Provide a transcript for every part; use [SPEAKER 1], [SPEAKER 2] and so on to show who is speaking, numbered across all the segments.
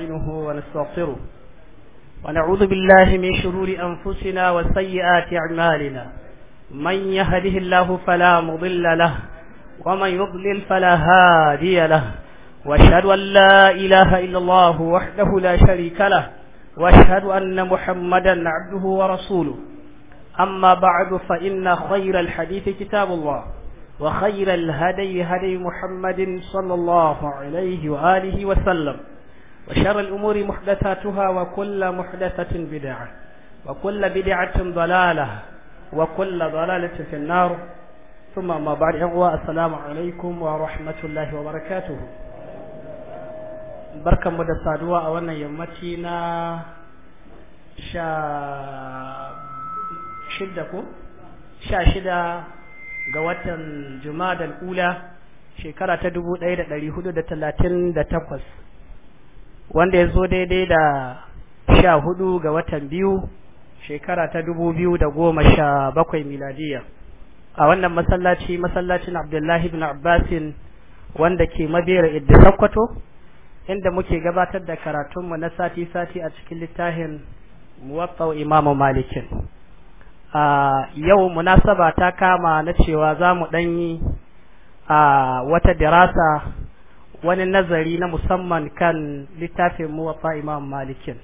[SPEAKER 1] نستعينه ونستغفره ونعوذ بالله من شرور أنفسنا وسيئات أعمالنا من يهده الله فلا مضل له ومن يضلل فلا هادي له واشهد أن لا إله إلا الله وحده لا شريك له واشهد أن محمدا عبده ورسوله أما بعد فإن خير الحديث كتاب الله وخير الهدي هدي محمد صلى الله عليه وآله وسلم وشر الأمور محدثاتها وكل محدثة بدعة وكل بدعة ضلالة وكل ضلالة في النار ثم ما بعد إغواء السلام عليكم ورحمة الله وبركاته بركة مدى الصادوة أولا يمتنا شا شدكم شا شدة قوات جماد الأولى شكرة تدبو ليلة لليهود دا تلاتين دا تقوس wanda ya zo daidai da sha hudu ga watan biyu shekara ta dubu biyu da goma sha bakwai miladiya a wannan masallaci masallacin abdullahi bin abbasin wanda ke mabera idda sakkwato inda muke gabatar da karatunmu na sati-sati a cikin littafin muwaffau imamu malikin a yau munasaba ta kama na cewa za mu ɗanyi a wata dirasa wani nazari na musamman kan littafin muwafa imam malikin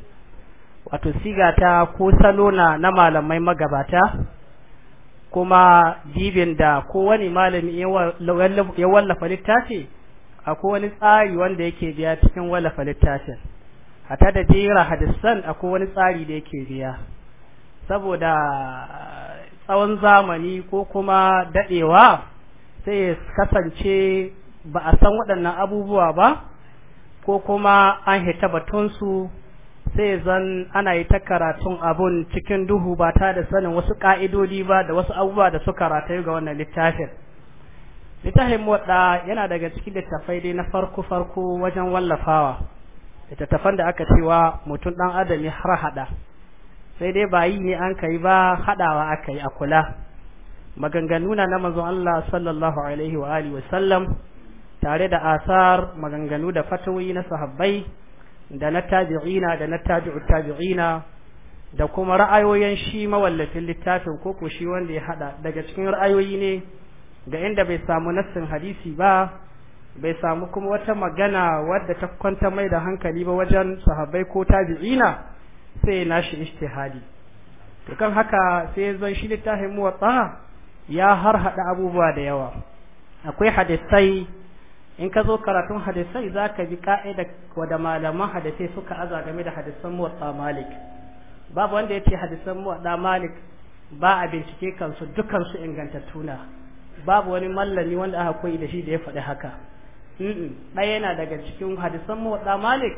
[SPEAKER 1] wato sigata ko salo na na malamai magabata kuma dibin da kowane malami ya wallafa littafi akwai wani tsari wanda yake biya cikin wallafa littafin a ta da jera hadisan ko wani tsari da yake biya saboda tsawon zamani ko kuma dadewa sai kasance ba a san waɗannan abubuwa ba ko kuma an hita batunsu sai zan ana yi ta karatun abun cikin duhu ba ta da sanin wasu ƙa'idodi ba da wasu abubuwa da suka ratayu ga wannan littafin littafin wadda yana daga cikin littafai dai na farko-farko wajen wallafawa littattafan da aka cewa mutum ɗan adam ya har haɗa sai dai ba yi ne an kai ba haɗawa aka yi a kula maganganu na na manzon Allah sallallahu alaihi wa alihi wa sallam tare da asar maganganu da fatawi na sahabbai da na tabi'ina da na tabi'u tabi'ina da kuma ra'ayoyin shi mawallafin littafin ko ko shi wanda ya hada daga cikin ra'ayoyi ne ga inda bai samu nassin hadisi ba bai samu kuma wata magana wadda ta kwanta mai da hankali ba wajen sahabbai ko tabi'ina sai na shi ijtihadi to kan haka sai zan shi littafin muwatta ya har hada abubuwa da yawa akwai hadisai in ka zo karatun hadisai za ka bi ka'ida wadda malaman hadisai suka aza game da hadisan muwatta malik babu wanda ya ce hadisan muwatta malik ba a bincike kansu dukansu ingantattu na babu wani mallani wanda aka koyi da shi da ya faɗi haka ɗaya yana daga cikin hadisan muwatta malik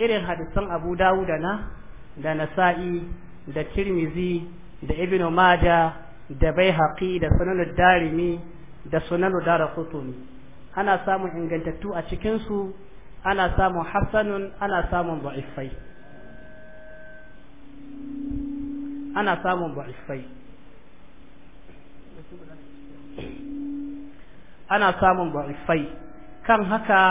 [SPEAKER 1] irin hadisan abu da na da nasa'i da tirmizi da ibn maja da bai da sunanu darimi da sunanu dara kutumi ana samun ingantattu a cikinsu ana samun hassanun ana samun ba'ifai ana samun ba'ifai ana samun ba'ifai kan haka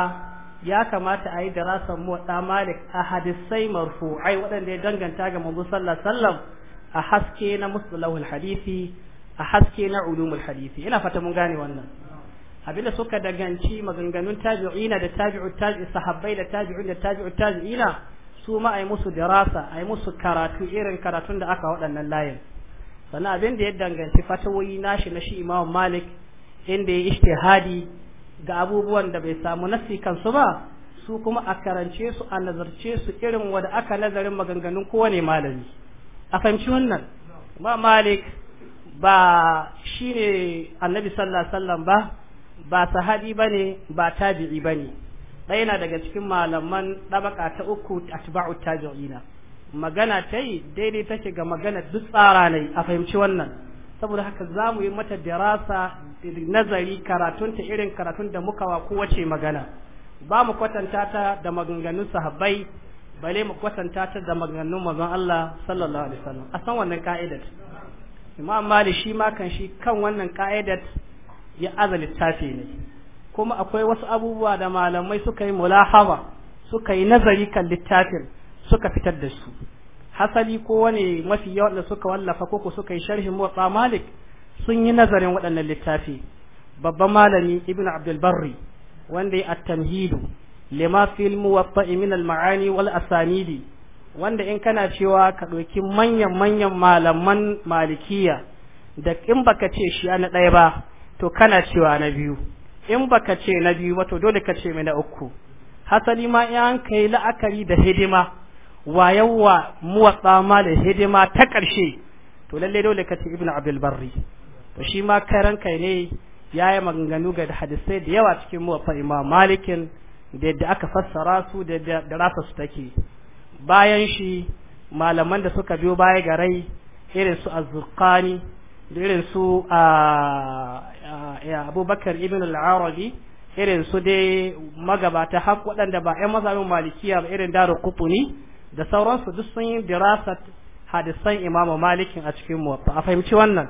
[SPEAKER 1] ya kamata a yi darasan motsa malik a hadisai marfu'ai waɗanda ya danganta ga mabu sallam a haske na musulawul hadisi a haske na ulumul hadisi ina fata mun gane wannan abinda suka daganci maganganun tabi'ina da tabi'u tabi'i sahabbai da tabi'un da tabi'u tabi'ina su ma ai musu dirasa ai musu karatu irin karatun da aka waɗannan layin sannan abin da ya danganci fatawoyi nashi na shi Imam Malik inda ya ishtihadi ga abubuwan da bai samu nasi kansu ba su kuma a karance su a nazarce su irin wanda aka nazarin maganganun kowane malami a fahimci wannan Imam Malik ba shine Annabi sallallahu alaihi wasallam ba ba sahabi bane ba tabi'i bane ɗaya na daga cikin malaman ɗabaka ta uku atba'u tabi'ina magana ta yi daidai take ga magana duk tsara ne a fahimci wannan saboda haka za mu yi mata darasa nazari karatun ta irin karatun da muka wa kowace magana ba mu kwatanta ta da maganganun sahabbai bale mu kwatanta ta da maganganun manzon Allah sallallahu alaihi wasallam a san wannan ka'idat Imam Malik shi ma kan shi kan wannan ka'idat ya aza littafi ne kuma akwai wasu abubuwa da malamai suka yi mulahaba suka yi nazari kan littafin suka fitar da su hasali ko wani mafi yawan da suka wallafa ko suka yi sharhin motsa malik sun yi nazarin waɗannan littafi babban malami ibn abdul wanda ya at-tamhidu lima fil muwatta'i min al-ma'ani wal asanidi wanda in kana cewa ka ɗauki manyan manyan malaman malikiya da in baka ce shi na ɗaya ba to kana cewa na biyu in baka ce na biyu ba to dole ka ce mai na uku hasali ma yan an kai la'akari da hidima wa yawa muwatsa ma da hidima ta ƙarshe to lalle dole ka ce ibnu abdul barri to shi ma karan kai ne yayi maganganu ga hadisai da yawa cikin muwaffa imam malikin da yadda aka fassara su da da rasa su take bayan shi malaman da suka biyo baya ga rai irin su az da irin su abubakar ibn al-arabi irin su dai magabata haf waɗanda ba 'yan mazhabin malikiya ba irin daru kufuni da sauransu duk sun yi dirasat hadisan imamu malikin a cikin muwatta a fahimci wannan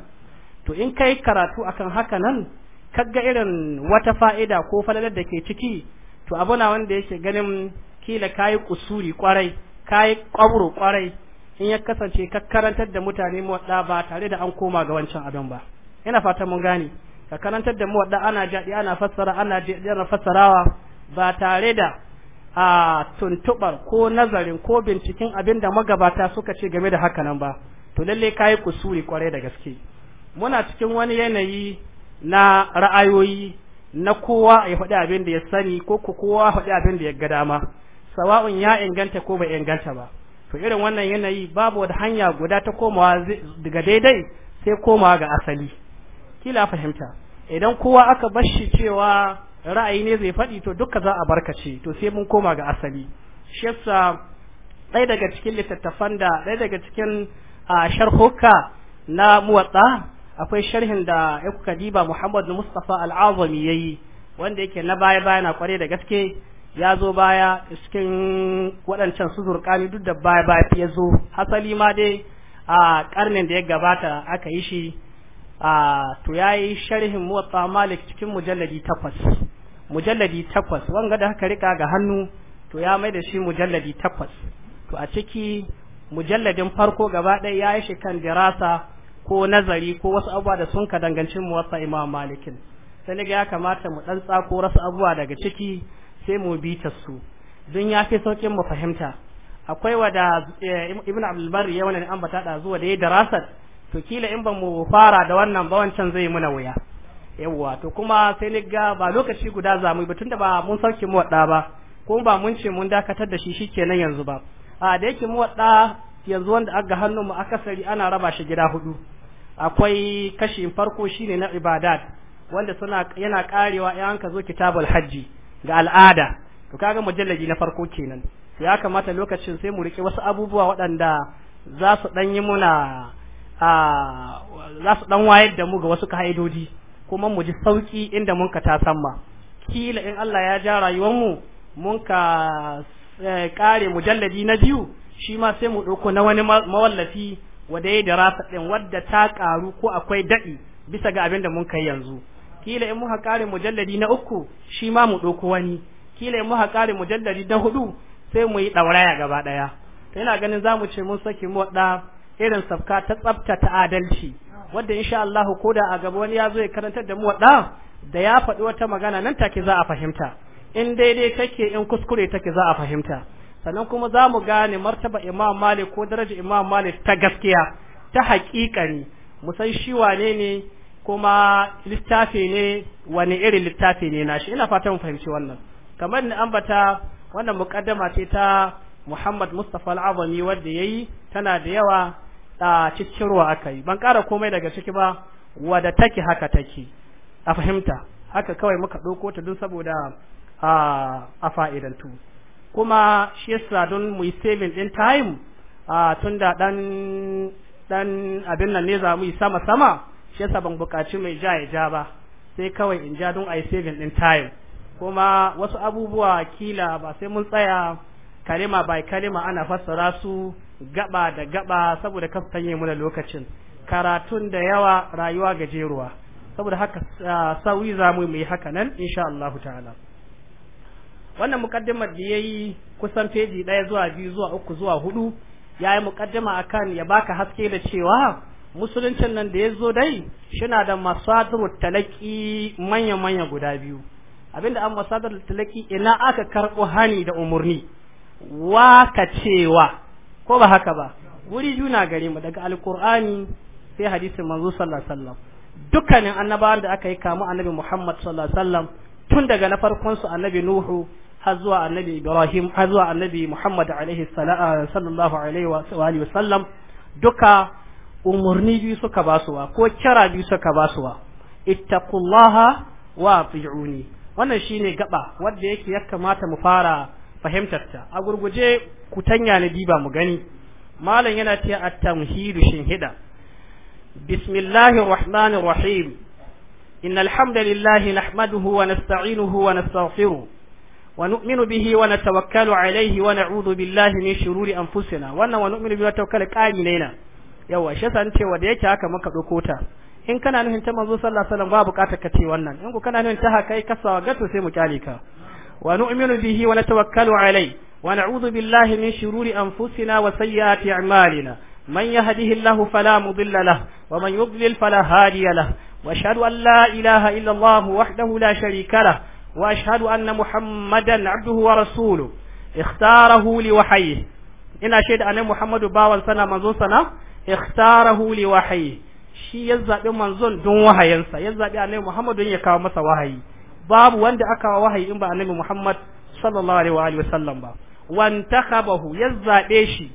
[SPEAKER 1] to in kai karatu akan haka nan kaga irin wata fa'ida ko falalar da ke ciki to abu na wanda yake ganin kila kayi kusuri kwarai kayi kwaburo kwarai in ya kasance ka karantar da mutane muwadda ba tare da an koma ga wancan abin ba ina fatan mun gane ka karantar da muwadda ana jadi ana fassara ana jira fassarawa ba tare da a tuntubar ko nazarin ko binciken abin da magabata suka ce game da hakanan ba to lalle kayi kusuri kwarai da gaske muna cikin wani yanayi na ra'ayoyi na kowa ya faɗi abin da ya sani ko kowa faɗi abin da ya ga dama sawa'un ya inganta ko bai inganta ba to irin wannan yanayi babu wata hanya guda ta komawa daga daidai sai komawa ga asali kila fahimta idan kowa aka bashi cewa ra'ayi ne zai faɗi to duka za a barkace to sai mun koma ga asali shi yasa ɗaya daga cikin littattafan da ɗaya daga cikin sharhoka na muwatsa akwai sharhin da ya kuka diba Muhammad mustapha al'azami ya yayi wanda yake na baya baya na kware da gaske ya zo baya cikin waɗancan su zurƙani duk da baya baya ya zo hasali ma dai a ƙarnin da ya gabata aka yi shi a to ya yi sharhin muwatsa malik cikin mujalladi takwas mujalladi takwas wanga da haka rika ga hannu to ya mai da shi mujalladi takwas to a ciki mujalladin farko gaba ɗaya ya yi shi kan dirasa ko nazari ko wasu abubuwa da sun ka danganci muwatsa imam malikin sai ga ya kamata mu ɗan tsako wasu abubuwa daga ciki sai mu bi ta su don ya fi saukin mu fahimta akwai wada eh, ibn abdulbar ya an ambata da zuwa da ya darasa to kila in ba mu fara da wannan ba wancan zai muna wuya yawwa to kuma sai ni ga ba lokaci guda za mu ba tunda ba mun sauke mu wada ba ko ba mun ce mun dakatar da shi shi shikenan yanzu ba a da yake mu wada yanzu wanda aka hannun mu akasari ana raba shi gida hudu akwai kashin farko shine na ibadat wanda suna yana karewa 'yan ka zo kitabul hajji ga al'ada to kaga mujallaji na farko kenan to ya kamata lokacin sai mu rike wasu abubuwa waɗanda za su dan yi muna a za su dan wayar da mu ga wasu ka'idodi kuma mu ji sauki inda mun ka ta samma kila in Allah ya ja rayuwar mu mun ka kare eh, mujalladi na biyu shi ma sai mu ɗauko na wani mawallafi wanda ya da rasa ɗin wadda ta ƙaru ko akwai daɗi bisa ga abin da mun kai yanzu kila in muka kare mujalladi na uku shi ma mu ɗauko wani kila in muka kare mujalladi na hudu sai mu yi ɗauraya gaba ɗaya to ina ganin za mu ce mun saki mu waɗa irin safka ta tsafta ta adalci wanda insha Allah ko da a gaba wani ya zo ya karantar da mu waɗa da ya faɗi wata magana nan take za a fahimta in daidai take in kuskure take za a fahimta sannan kuma za mu gane martaba imam malik ko daraja imam malik ta gaskiya ta haƙiƙani mu san shi wane ne kuma littafi ne wani irin littafi ne nashi ina fatan fahimci wannan kamar ni ambata wannan mukaddama ce ta Muhammad Mustafa Al-Azami wanda yayi tana da yawa a ciccirwa akai ban ƙara komai daga ciki ba wada take haka take a fahimta haka kawai muka ɗauko ta don saboda a fa'idantu kuma shi yasa don mu saving in time a tunda dan dan abin nan ne za mu yi sama sama shi yasa ban bukaci mai ja ya ja ba sai kawai in ja don a yi saving din time kuma wasu abubuwa kila ba sai mun tsaya kalima by kalima ana fassara su gaba da gaba saboda sanye mu da lokacin karatun da yawa rayuwa gajeruwa saboda haka ah, sauyi za mu yi haka nan insha Allah ta'ala wannan mukaddimar da yayi kusan feji ɗaya zuwa biyu zuwa uku zuwa hudu yayi mukaddima akan ya baka haske da cewa musuluncin nan da ya zo dai shina da masadar talaki manya-manya guda biyu abinda an masadar talaki ina aka karɓo hani da umarni waka cewa ko ba haka ba wuri juna gare mu daga alkur'ani sai hadisin manzo sallallahu alaihi wasallam dukkanin annabawan da aka yi kamu annabi Muhammad sallallahu alaihi wasallam tun daga na farkon su annabi Nuhu har zuwa annabi Ibrahim har zuwa annabi Muhammad alaihi sallallahu alaihi wa wasallam duka umarni biyu suka basuwa ko kira biyu suka basuwa ittaqullaha wa ati'uni wannan shine gaba wanda yake ya kamata mu fara fahimtar ta a gurguje ku tanya ni diba mu gani malam yana cewa at-tamhidu shinhida bismillahir rahmanir rahim innal hamdalillahi nahmaduhu wa nasta'inuhu wa nastaghfiruh ونؤمن به ونتوكل عليه ونعوذ بالله من شرور أنفسنا ونؤمن به ونتوكل قال لنا yawa shi yasa cewa da yake haka maka ɗauko ta in kana nufin ta manzo sallallahu alaihi wasallam ba bukatar ka ce wannan in ku kana nufin ta haka kai kasawa gato sai mu kyale ka wa nu'minu bihi wa natawakkalu alai wa na'udhu billahi min shururi anfusina wa sayyiati a'malina man yahdihillahu fala mudilla lah wa man yudlil fala hadiya lah wa ashhadu an la ilaha illa Allah wahdahu la sharika lahu wa ashhadu anna Muhammadan abduhu wa rasuluhu ikhtarahu li wahyihi ina shaida annabi Muhammadu bawan sana manzo sana ikhtarahu li wahyi shi ya zabi manzon don wahayansa ya zabi annabi Muhammad don ya kawo masa wahayi babu wanda aka wa wahayi in ba annabi Muhammad sallallahu alaihi wa alihi wasallam ba wantakabahu ya zabe shi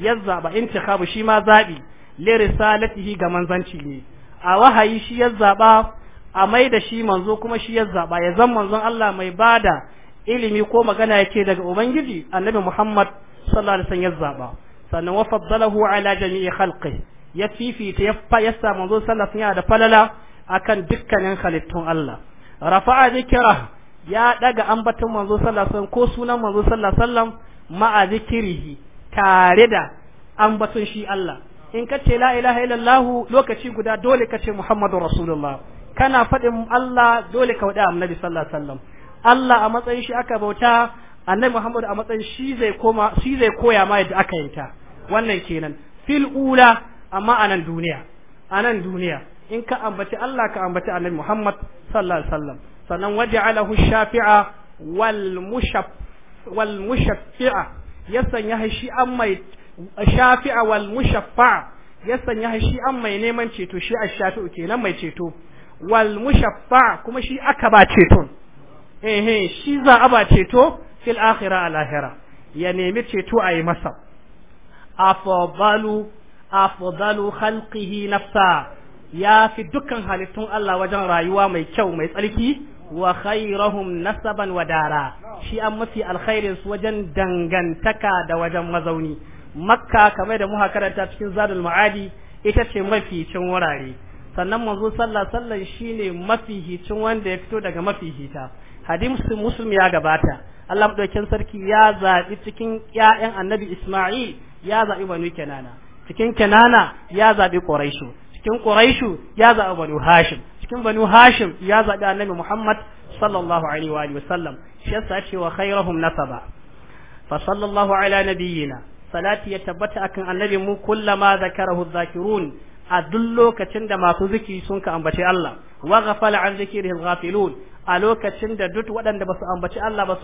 [SPEAKER 1] ya zaba intikabu shi ma zabi li risalatihi ga manzanci ne a wahayi shi ya zaba a mai da shi manzo kuma shi ya zaba ya zan manzon Allah mai bada ilimi ko magana yake daga ubangiji annabi Muhammad sallallahu alaihi wasallam ya zaba sannan wa faddalahu ala jami'i khalqi ya fifita ya fa yasa manzo sallallahu alaihi da falala akan dukkanin halittun Allah rafa'a zikra ya daga ambaton manzo sallallahu alaihi ko sunan manzo sallallahu alaihi wasallam ma'a zikrihi tare da ambaton shi Allah in ka ce la ilaha illallah lokaci guda dole ka ce muhammadur rasulullah kana faɗin Allah dole ka wada annabi sallallahu alaihi Allah a matsayin shi aka bauta annabi Muhammad a matsayin shi zai koma shi zai koya ma yadda aka yi ta wannan kenan fil ula amma anan duniya anan duniya in ka ambaci Allah ka ambaci Annabi Muhammad sallallahu alaihi wasallam sannan waja'alahu shafi'a wal mushaf wal mushaffi'a ya sanya shi an mai shafi'a wal mushaffa'a ya sanya shi an mai neman ceto shi a shafi'u kenan mai ceto wal mushaffa'a kuma shi aka ba ceton eh eh shi za a ba ceto fil akhirah al akhirah ya nemi ceto a yi masa afdalu afdalu khalqihi nafsa ya fi dukkan halittun Allah wajen rayuwa mai kyau mai tsarki wa khairahum nasaban wa dara shi an mafi alkhairin su wajen dangantaka da wajen mazauni makka kamar da muka karanta cikin zadul ma'adi ita ce mafi cin wurare sannan manzo sallah sallan shine mafi hicin wanda ya fito daga mafi hita hadisin muslim ya gabata Allah madaukakin sarki ya zabi cikin ƴaƴan annabi Isma'il ya zabi banu Kenana cikin Kenana ya zabi Quraishu cikin Quraishu ya zabi banu Hashim cikin banu Hashim ya zabi annabi Muhammad sallallahu alaihi wa alihi wasallam shi yasa cewa khairuhum nasaba fa sallallahu ala nabiyyina salati ya tabbata akan annabi mu kullama zakarahu zakirun a duk lokacin da masu ziki sun ka ambace Allah wa ghafala an zikrihi ghafilun a lokacin da duk waɗanda ba su ambaci Allah ba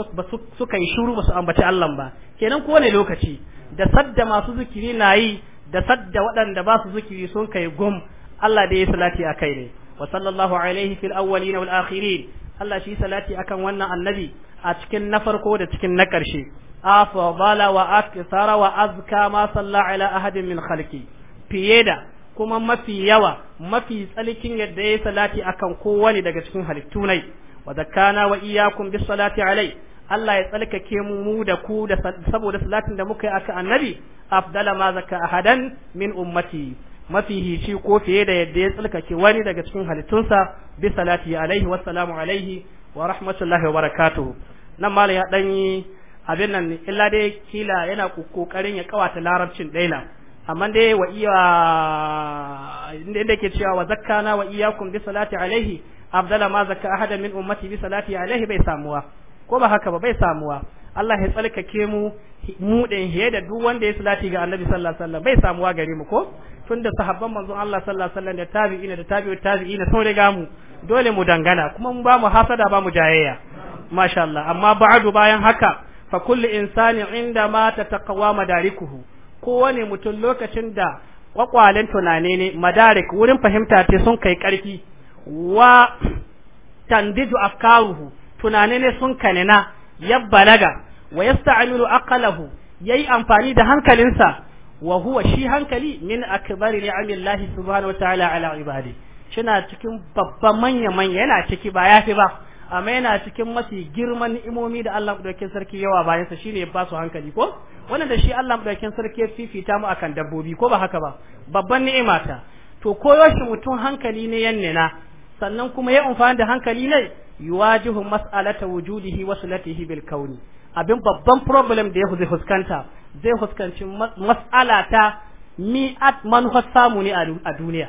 [SPEAKER 1] suka yi shuru ba su ambaci Allah ba kenan ko ne lokaci da sadda masu zikiri na yi da sadda waɗanda ba su zikiri sun kai gum Allah da ya salati a kai ne wa sallallahu alaihi fil awwalin wal akhirin Allah shi salati akan wannan annabi a cikin na farko da cikin na karshe afdala wa akthara wa azka ma salla ala ahadin min khalqi fiye da kuma mafi yawa mafi tsalikin yadda ya salati akan kowane daga cikin halittu nai wa zakana wa iyyakum bis salati alai Allah ya tsalkake mu mu da ku da saboda salatin da muka yi aka annabi afdala ma zaka ahadan min ummati mafihici ko fiye da yadda ya tsalkake wani daga cikin halittunsa bi salati alaihi wassalamu alaihi wa rahmatullahi wa barakatuhu nan malam ya danyi abin nan illa dai kila yana kokarin ya kawata larabcin daina amma dai wa iya inda yake cewa wa zakkana wa iyyakum bi salati alaihi afdala ma zakka ahada min ummati bi salati alayhi bai samuwa ko ba haka ba bai samuwa Allah ya tsalkake mu mu din he da duk wanda ya salati ga Annabi sallallahu alaihi wasallam bai samuwa gare mu ko tunda sahabban manzon Allah sallallahu alaihi wasallam da tabi'ina da tabi'u tabi'ina sau da mu dole mu dangana kuma mu ba mu hasada ba mu jayayya masha Allah amma ba'du bayan haka fa kullu insani inda ma tataqwa madarikuhu kowane mutum lokacin da kwakwalen tunane ne madarik wurin fahimta ce sun kai karfi wa tandiju afkaruhu tunane ne sun kanina ya balaga wa yasta'milu aqlahu yayi amfani da hankalinsa wa huwa shi hankali min akbari ni'amillahi subhanahu wataala ala ibadi shina cikin babban manya manya yana ciki ba yafi ba amma yana cikin mafi girman imomi da Allah madaukakin sarki yawa bayansa shine ya ba su hankali ko wannan da shi Allah madaukakin sarki ya fifita mu akan dabbobi ko ba haka ba babban ni'ima ta to koyo shi mutum hankali ne yannena sannan kuma ya amfani da hankali ne yuwajihu mas'alata wujudihi wa sulatihi bil kauni abin babban problem da ya zai huskanta zai huskanci mas'ala ta mi at manufar samu ne a duniya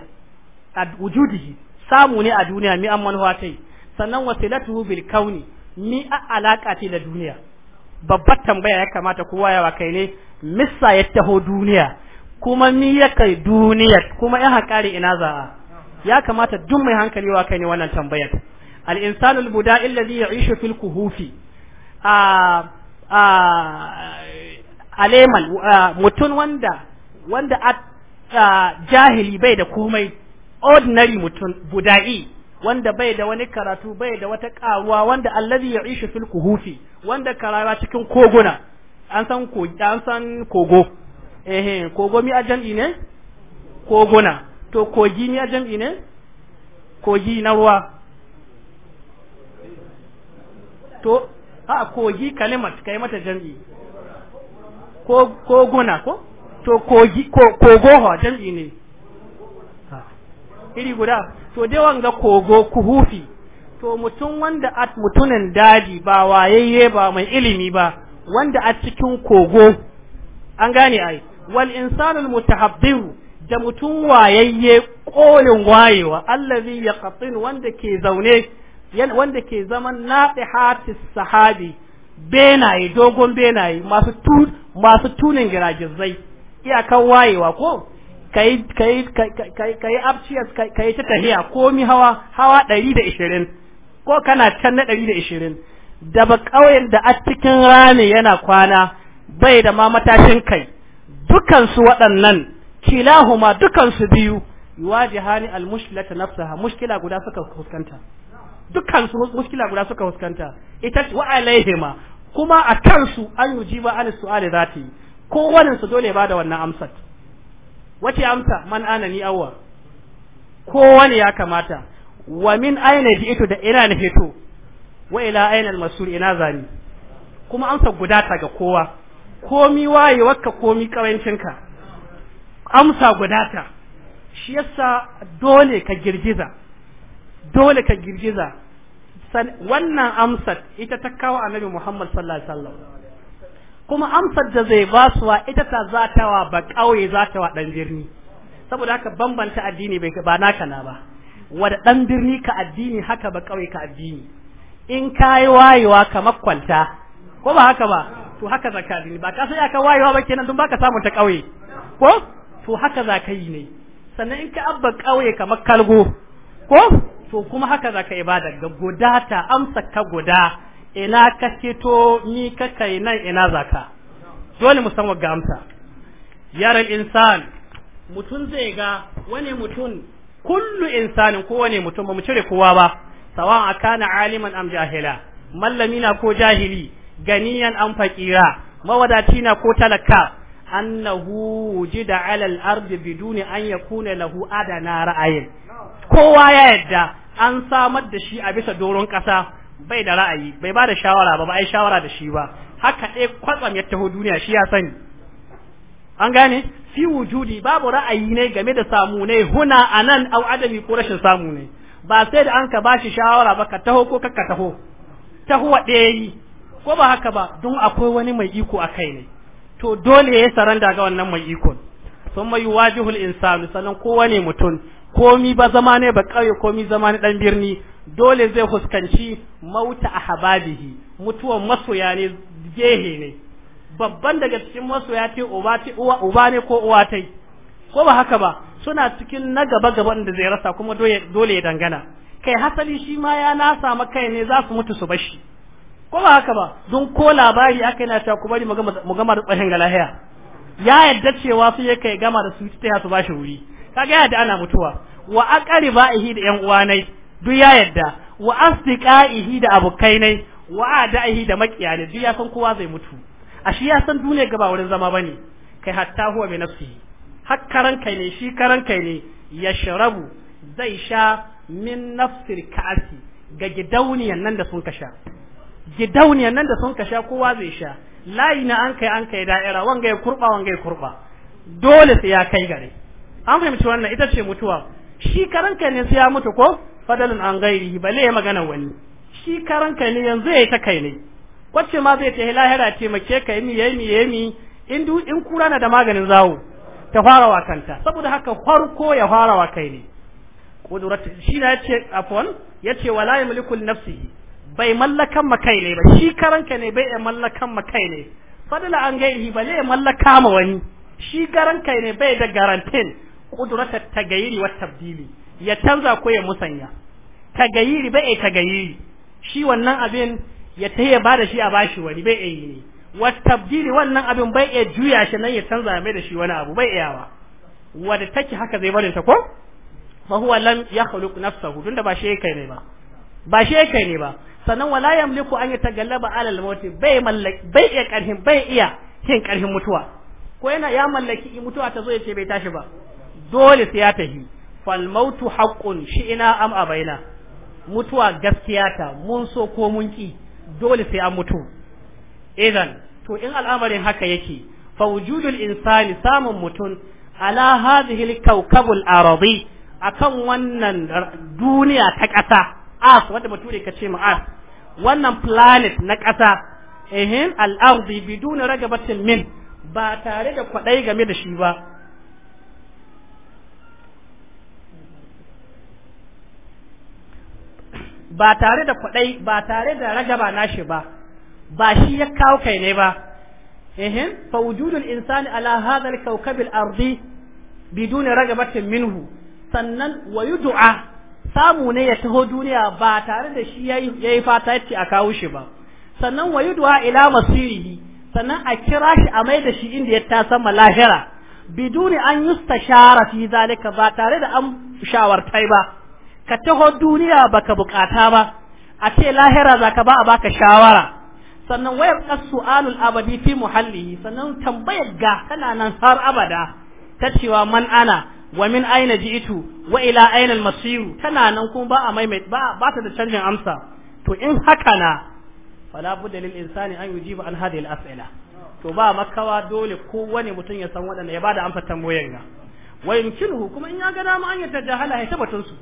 [SPEAKER 1] a wujudihi samu ne a duniya mi an manufa ta yi sannan wasilatuhu bil kauni mi a alaka ce da duniya babbar tambaya ya kamata kowa ya wa kai ne missa ya taho duniya kuma mi ya kai duniya kuma ya haƙari ina za'a ya kamata duk mai hankali wa kai ne wannan tambayar al insanu al buda alladhi ya'ishu fil kuhufi a a aleman mutun wanda wanda a jahili bai da komai ordinary mutun buda'i wanda bai da wani karatu bai da wata karuwa wanda alladhi ya'ishu fil kuhufi wanda karawa cikin koguna an san ko an san kogo ehe kogo mi a ne koguna to kogi ne jam'i ne kogi na ruwa to a kogi kalimat kai mata jam'i ko koguna ko to kogi ko kogo jam'i ne iri guda to dai wanga kogo ku hufi to mutum wanda at mutunan daji ba wayayye ba mai ilimi ba wanda a cikin kogo an gane ai wal insanul mutahabbiru da mutum wayayye ƙolin wayewa allazi yaqtin wanda ke zaune wanda ke zaman nadihatis sahabi benaye dogon benaye masu tu masu tunin girajizai iyakan wayewa ko kai kai kai kai abciyas kai kai ta tahiya komi hawa hawa 120 ko kana can na 120 da ba kauyen da a cikin rami yana kwana bai da ma matashin kai dukansu waɗannan kilahuma dukansu biyu yuwajihani almushkilata nafsaha mushkila guda suka fuskanta dukansu mushkila guda suka fuskanta ita wa alaihima kuma a kansu an yujiba an su'ali zati wannan su dole ba da wannan amsar wace amsa man anani awwa wani ya kamata wa min aina ito da ina ne fito wa ila aina almasul ina zani kuma amsa guda ta ga kowa komi waye wakka komi karancinka amsa gudata shi yasa dole ka girgiza dole ka girgiza wannan amsar ita ta kawo annabi Muhammad sallallahu alaihi wasallam kuma amsar da zai basuwa ita ta zatawa ba kauye zatawa dan birni saboda haka bambanta addini bai ba naka na ba wada dan birni ka addini haka ba kauye ka addini in kai wayewa ka makwanta ko ba haka ba to haka zakka addini ba ka sai ka wayewa ba kenan dun baka samu ta kauye ko to haka za ka yi ne sannan in ka abba ƙauye kamar kalgo ko to kuma haka za ka bada ga guda ta amsa ka guda ina ka ceto ni ka kai nan ina za ka dole mu san ga amsa yaran insan mutum zai ga wani mutum kullu insanin ko wani mutum ba mu cire kowa ba sawa kana aliman am jahila mallami na ko jahili ganiyan an fakira mawadaci na ko talaka annahu wujida ala al-ardi biduni an yakuna lahu adana ra'ayin kowa ya yadda an samar da shi a bisa doron kasa bai da ra'ayi bai ba da shawara ba ba ai shawara da shi ba haka dai kwatsam ya taho duniya shi ya sani an gane fi wujudi babu ra'ayi ne game da samu ne huna anan au adami ko rashin samu ne ba sai da an ka shi shawara ba ka taho ko ka taho taho wa ɗaya yi ko ba haka ba don akwai wani mai iko a kai ne to dole ya saranda ga wannan mai ikon sun mai wajihul insanu sannan kowane mutum komi ba zama ne ba ƙauye komi zama ne ɗan birni dole zai fuskanci mauta a habadihi mutuwan masoya ne gehe ne babban daga cikin masoya ce uba ne ko uwa tai ko ba haka ba suna cikin na gaba gaban da zai rasa kuma dole ya dangana kai hasali shi ma ya nasa makai ne za su mutu su bashi ko ba haka ba don ko labari aka yana cewa ku bari mu gama da tsarin ya yadda cewa su ya kai gama da su ta su shi wuri kaga ya yadda ana mutuwa wa ba ihi da yan nai duk ya yadda wa asdiqaihi da nai wa adaihi da makiyane duk ya san kowa zai mutu shi ya san duniya gaba wurin zama bane kai hatta huwa bi nafsihi har karan kai ne shi karan kai ne sharabu zai sha min nafsir ka'asi ga gidauniyan nan da sun ka sha gidauniyan nan da sun ka sha kowa zai sha layi na an kai an kai da'ira wanga ya kurba wanga ya kurba dole sai ya kai gare an fahimci wannan ita ce mutuwa shi karan kai ne sai ya mutu ko fadalin an gairi bale ya magana wani shi karan kai ne yanzu ya yi ta kai ne wacce ma zai ta lahira ce mace ka yi mi yayi mi yayi mi in du in kura na da maganin zawo ta fara wa kanta saboda haka farko ya fara wa kai ne kudrat shi na yace afwan yace wala yamliku nafsihi bai mallakan makai ne ba shi karanka ne bai mallakan makai ne fadila an gaihi ba ne mallaka ma wani shi karanka ne bai da garantin kudurata tagayiri wa tabdili ya canza ko ya musanya tagayiri bai tagayiri shi wannan abin ya taye ba da shi a bashi wani bai yi ne wa tabdili wannan abin bai ya juya shi nan ya canza mai da shi wani abu bai iyawa wadda take haka zai barinta ko fa huwa lam yakhluq nafsahu tunda ba shi kai ne ba ba shi kai ne ba sannan wala yamliku an yatagallaba alal maut bai mallaki bai iya karhin bai iya hin karhin mutuwa ko yana ya mallaki mutuwa ta zo ya ce bai tashi ba dole sai ya tahi fal mautu haqqun shi ina am abaina mutuwa gaskiya ta mun so ko mun ki dole sai an mutu idan to in al'amarin haka yake fa wujudul insani samun mutum ala hadhihi al-kawkabul aradi akan wannan duniya ta ƙasa Earth wanda bature ka ce ma Earth. wannan planet na ƙasa ehin al-ardi biduna ragabatin min ba tare da kwadai game da shi ba ba tare da kwadai ba tare da ragaba na shi ba ba shi ya kawo kai ne ba ehin fa wujudul insani ala hadha al-kawkab al-ardi biduna ragabatin minhu sannan wa yud'a samu ne ya taho duniya ba tare da shi yi fata yace a kawo shi ba sannan wayudwa ila masirihi sannan a kira shi a mai da shi inda ya tasamma lahira biduni an yustashara fi zalika ba tare da an shawartai ba ka taho duniya baka bukata ba a ce lahira zaka ba a baka shawara sannan wayar su'alul abadi fi muhallihi sannan tambayar ga tana nan har abada ta cewa man ana wa min aina ji'tu wa ila aina al-masir tana nan kuma ba a maimai ba ba ta da canjin amsa to in haka na fala budda lil insani an yujiba an hadhihi al-as'ila to ba makawa dole kowane mutum ya san wadanda ya bada amsa tambayoyin ga wa yumkinuhu kuma in ya ga dama an ya jahala ya tabbatun su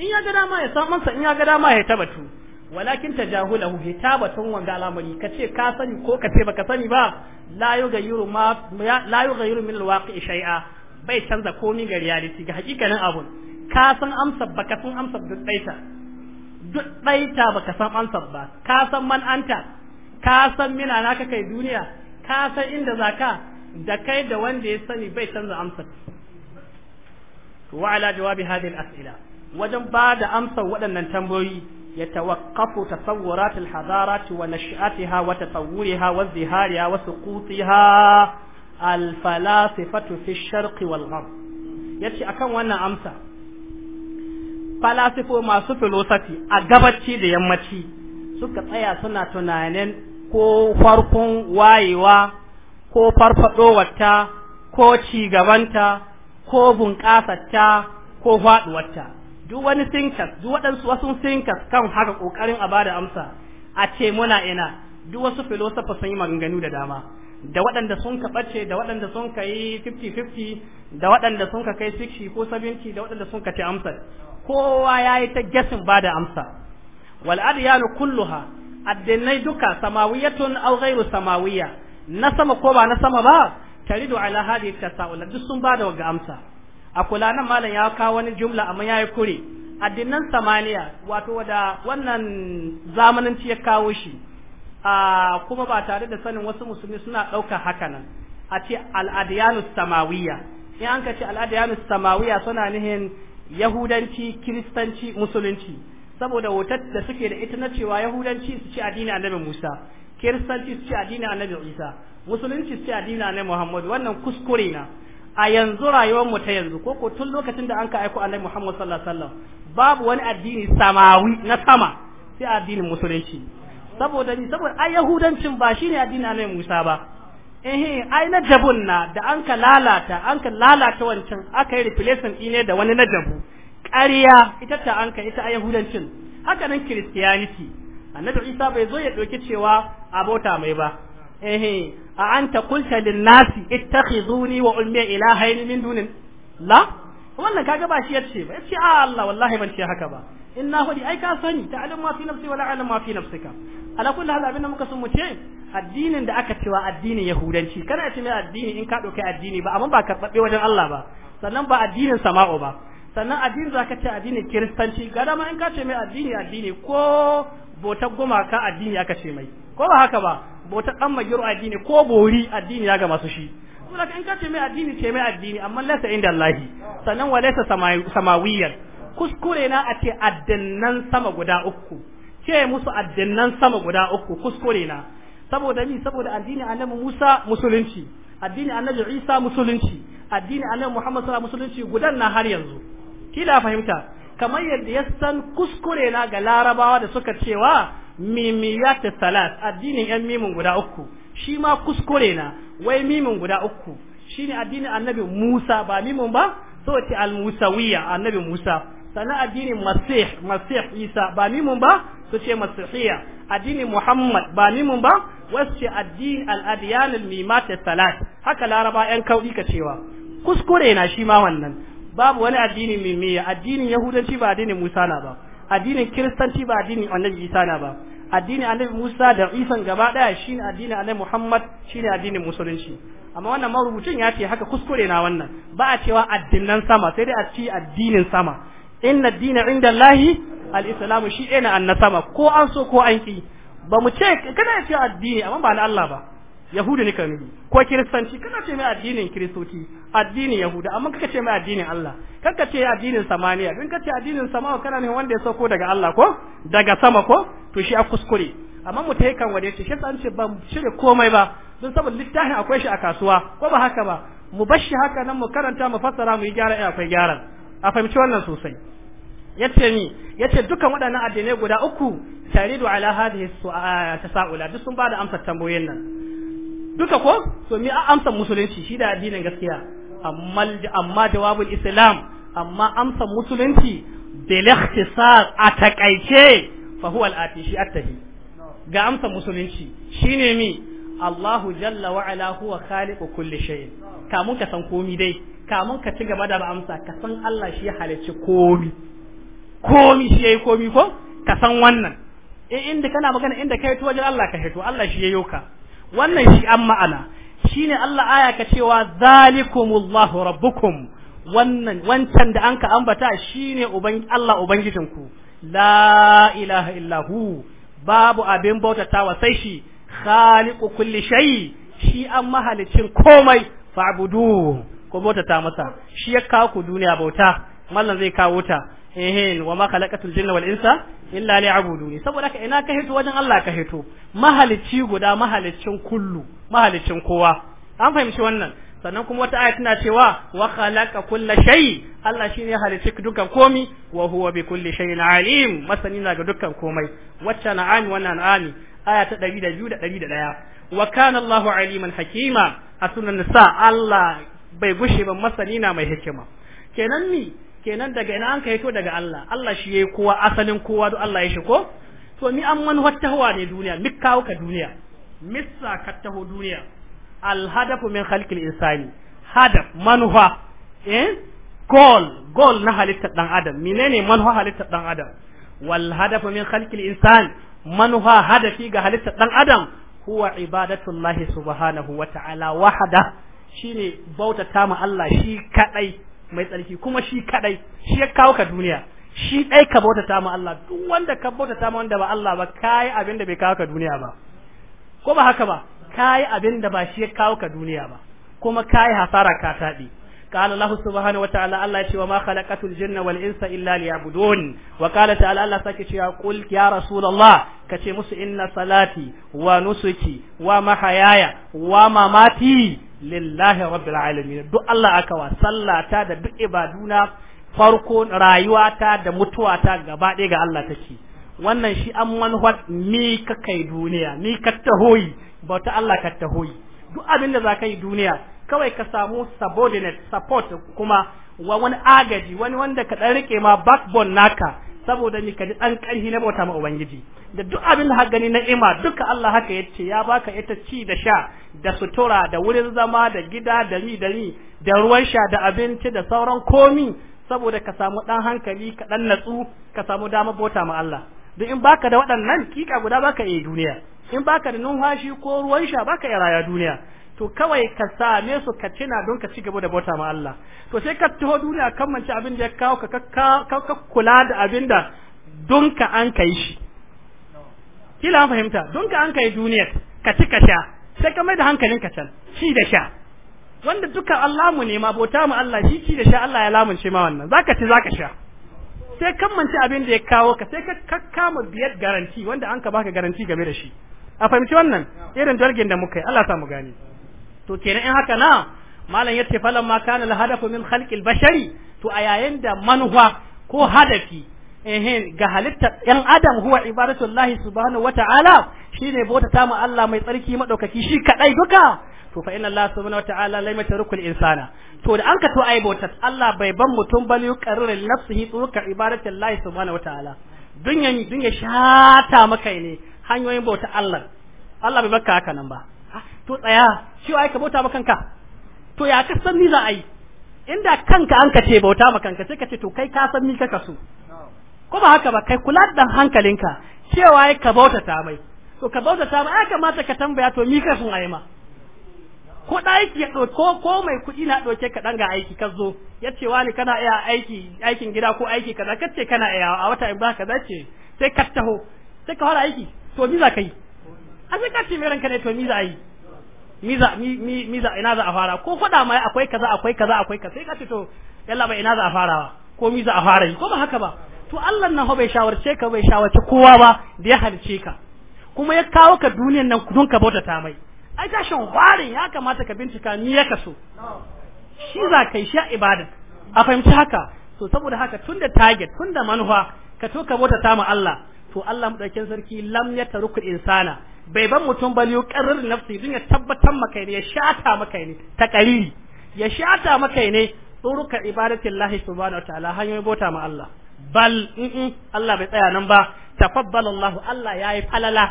[SPEAKER 1] in ya ga dama ya san amsa in ya ga dama ya tabbatu walakin tajahulahu hitabatun wanda al'amari kace ka sani ko kace baka sani ba la yughayyiru ma la yughayyiru min al-waqi'i shay'a bai canza komi ga reality ga hakikanin abun ka san amsar ba ka san amsar duk ɗaita duk ba ka san amsar ba ka san man anta ka san mina na ka kai duniya ka san inda za ka da kai da wanda ya sani bai canza amsar wa ala jawabi hadhihi al-as'ila wajen ba da amsar waɗannan tambayoyi ya tawaqqafu tasawwurat al-hadarat wa nash'atiha wa tatawwuriha wa zihariha wa suqutiha al-falasifatu fi sharqi wal gharb yace akan wannan amsa falasifo masu filosofi a gabaci da yammaci suka tsaya suna tunanin ko farkon wayewa ko farfadowarta ko ci cigabanta ko bunƙasarta ko faɗuwarta duk wani thinkers duk waɗansu wasu thinkers kan haka ƙoƙarin a bada amsa a ce muna ina duk wasu filosofa sun yi maganganu da dama da waɗanda sun ka ɓace da waɗanda sun ka yi 50-50 da waɗanda sun ka kai 60 ko 70 da waɗanda sun ka ci amsa kowa ya yi ta gasin ba da amsa wal adiyalu kulluha addinai duka samawiyatun aw ghairu samawiya na sama ko ba na sama ba taridu ala hadi tasawul duk sun ba da wagga amsa a kula nan malam ya kawo wani jumla amma ya yi kure addinan samaniya wato da wannan zamaninci ya kawo shi a ah, kuma ba tare da sanin wasu musulmi suna ɗaukar haka nan a ce al'adiyanus samawiya in an ka ce al'adiyanus samawiya suna nihin yahudanci kiristanci musulunci saboda wutar da suke da ita na cewa yahudanci su ci addini annabi musa kiristanci su ci addini annabi isa musulunci su ci addini annabi muhammadu wannan kuskure na a yanzu rayuwar mu ta yanzu ko ko tun lokacin da an ka aiko annabi muhammadu sallallahu alaihi wasallam babu wani addini samawi na sama sai addinin musulunci saboda ni saboda ai yahudancin ba shine addinin annabi Musa ba eh ai na jabun na da an ka lalata an ka lalata wancan aka yi replacement ne da wani na jabu ƙarya ita ta an ka ita ai yahudancin haka nan christianity annabi Isa bai zo ya ɗauki cewa abota mai ba eh a anta qulta lin nasi ittakhizuni wa ummi ilahayn min dunin la wannan kaga ba shi yace ba yace a ah, Allah wallahi ban ce haka ba in na hudi ai ka sani alim ma fi nafsi wala alim ma fi nafsika ala kulli hal abinda muka sun mu addinin da aka cewa addinin yahudanci kana ce mai addini in ka dauke addini ba amma ba karbabbe wajen Allah ba sannan ba addinin sama'o ba sannan addinin da aka ce addinin kiristanci ga ma in ka ce mai addini addini ko bota gumaka addini aka ce mai ko ba haka ba bota dan magiru addini ko bori addini ya ga masu shi saboda in ka ce mai addini ce mai addini amma laysa inda Allah sannan wa laysa samawiyan kuskure na a ce addinan sama guda uku ce musu addinan sama guda uku kuskure na saboda mi saboda addini annabi Musa musulunci addini annabi Isa musulunci addini annabi Muhammad sallallahu alaihi musulunci gudan na har yanzu kila fahimta kamar yadda ya san kuskure na ga larabawa da suka cewa mimiyat salat addinin yan mimun guda uku shi ma kuskure na wai mimin guda uku shine addinin annabi Musa ba mimin ba so al-musawiyya annabi Musa sannan addinin masih masih Isa ba mimin ba so ce masihiyya addinin Muhammad ba mimin ba wasu ce addinin al-adiyan al-mimat salat haka laraba yan kaudi ka cewa kuskure na shi ma wannan babu wani addini mimiya addinin yahudanci ba addinin Musa na ba addinin kiristanci ba addinin annabi Isa na ba addini annabi Musa da Isa gaba daya shine addini annabi Muhammad shine addinin musulunci amma wannan marubucin ya ce haka kuskure na wannan ba a cewa addinan sama sai dai a ce addinin sama inna dina inda Allahi al-islamu shi na sama ko an so ko an ki ba mu ce kana ce addini amma ba na Allah ba yahudu ne ka nufi ko kiristanci kana ce mai addinin kiristoci addinin yahuda amma kaka ce mai addinin Allah kaka ce addinin samaniya in ka ce addinin samawa kana ne wanda ya sauko daga Allah ko daga sama ko to shi a kuskure amma mu ta kan wade shi shi an ce ba shirye komai ba don saboda littafin akwai shi a kasuwa ko ba haka ba mu bar shi haka nan mu karanta mu fassara mu yi gyara in eh, akwai gyara a fahimci wannan sosai yace ni yace dukan waɗannan addinai guda uku taridu ala hadhihi tasa'ula duk sun ba da amsar tambayoyin nan duka ko to mi amsa musulunci shi da addinin gaskiya amma amma jawabul islam amma amsa musulunci bil ikhtisar a takaice fa huwa al atishi attahi ga amsa musulunci shine mi Allahu jalla wa ala huwa khaliqu kulli shay kamun ka san komi dai kamun ka ci gaba da amsa ka san Allah shi halicci komi komi shi yayi komi ko ka san wannan in inda kana magana inda kai to wajen Allah ka hito Allah shi yayo ka wannan shi an ma'ana shine Allah aya ka cewa zalikumullahu rabbukum wannan wancan da anka ambata shine ne Allah ubangijinku la ilaha illahu babu abin bautatawa sai shi khaliqu kulli shay shi an mahalicin komai fa'budu ko bautata masa shi ya kawo ku duniya bauta mallan zai kawo ta ehe wa ma khalaqatul jinna wal insa illa liya'buduni saboda ka ina ka hito wajen Allah ka hito mahalicci guda mahalicin kullu mahalicin kowa an fahimci wannan sannan kuma wata aya tana cewa wa khalaqa kulla shay Allah shine ya halicci dukkan komi wa huwa bi kulli shay'in alim masani na ga dukkan komai wacce na ani wannan ani aya ta ɗari da 101 wa kana Allahu aliman hakima a sunan nisa Allah bai gushe ba masani na mai hikima kenan ni kenan daga ina an ka hito daga Allah Allah shi yayi kowa asalin kowa duk Allah ya shi ko to ni an manhar tahowa ne duniya mi kawo ka duniya missa kataho duniya duniya hadafu min khalqil insani hadaf manufa eh goal goal na halittar dan adam menene manufa halittar dan adam wal hadafu min khalqil insan manufa hadafi ga halittar dan adam huwa ibadatullahi subhanahu wa ta'ala wahda shine bautata ma Allah shi kadai mai tsarki kuma shi kadai shi ya kawo ka duniya shi dai ka bauta ta ma Allah duk wanda ka bauta ta ma wanda ba Allah ba kai abin da bai kawo ka duniya ba ko ba haka ba kai abin da ba shi ya kawo ka duniya ba kuma kai hasara ka tadi قال الله سبحانه وتعالى الله يتي وما خلقت الجن والإنس إلا ليعبدون وقال تعالى الله ساكي قل يا رسول الله كتي مس إن صلاتي ونسكي ومحياي ومماتي lillahi rabbil duk Allah akawa sallata da duk ibaduna farko rayuwata da mutuwata gaba ɗaya ga Allah take wannan shi an manufar ni ka kai duniya ni ka tahoyi bauta Allah ka tahoyi duk abin da za ka yi duniya kawai ka samu subordinate support kuma wa wani agaji wani wanda ka dan rike ma backbone naka saboda ni ka ji dan karhi na bauta ma ubangiji da duk abin da gani na ima duka Allah haka yace ya baka ita ci da sha da sutura da wurin zama da gida da ni da ni da ruwan sha da abinci da sauran komi saboda ka samu dan hankali ka dan natsu ka samu dama bauta ma Allah duk in baka da waɗannan kika guda baka iya duniya in baka da numfashi ko ruwan sha baka yi rayuwa duniya to kawai ka same su ka cina don ka ci gaba da bauta ma Allah to sai ka taho duniya kan mance abin da ya kawo ka ka kula da abin da don ka an kai shi kila an fahimta don ka an kai duniyar ka ci ka sha sai ka mai da hankalin ka can ci da sha wanda duka Allah mu ne ma bauta mu Allah shi ci da sha Allah ya lamunce ma wannan zaka ci zaka sha sai kan mance abin da ya kawo ka sai ka kama biyar garanti wanda an ka baka garanti game da shi a fahimci wannan irin dalgin da muka yi Allah sa mu gane to kenan in haka na malam yace falan ma kana al min khalqil bashari to a yayin da manufa ko hadafi ehin ga halitta yan adam huwa ibadatullahi subhanahu wata'ala shine bauta ta mu Allah mai tsarki madaukaki shi kadai duka to fa inna Allah subhanahu wata'ala lam yatrukul insana to da an ka to ai bauta Allah bai ban mutum bal yuqarrir nafsihi turuka ibadatullahi subhanahu wata'ala dunyan dunya shata maka ne hanyoyin bota Allah Allah bai baka haka nan ba Ah, to tsaya shi ai ka bauta ba kanka to ya ka san ni za a yi inda kanka an kace bauta ba kanka sai ka ce to kai ka san ni ka so ko ba haka ba kai kula da hankalinka cewa ai ka bauta ta mai to ka bauta ta mai ya kamata ka tambaya to mi ka sun ayi ma ko da aiki ya ko ko mai kuɗi na ɗauke ka ɗan ga aiki ka zo ya ce wani kana iya aiki aikin gida ko aiki kaza ka ce kana iya a wata in ba ka ce sai ka taho sai ka fara aiki to ni za ka yi a sai ka ce mai ranka ne to mi za a yi miza mi mi ina za a fara ko faɗa mai akwai kaza akwai kaza akwai kaza sai ka ce to yalla bai ina za a fara ko miza a fara yi ko ba haka ba to Allah nan bai shawarce ka bai shawarce kowa ba da ya halice ka kuma ya kawo ka duniyan nan don ka bauta ta mai ai tashin warin ya kamata ka bincika ni ya kaso shi za ka yi shi a ibada a fahimci haka to saboda haka tun da target tun da manufa ka to ka bauta ta ma Allah to Allah madaukakin sarki lam ya taruku insana bai ban mutum ba liyo karar nafsi don ya tabbatar maka ne ya shata maka ne ta kariri ya shata maka ne tsoruka ibadatin lahi subhanahu wa ta'ala hanyoyin bota ma Allah bal in Allah bai tsaya nan ba tafabbala Allah Allah yayi falala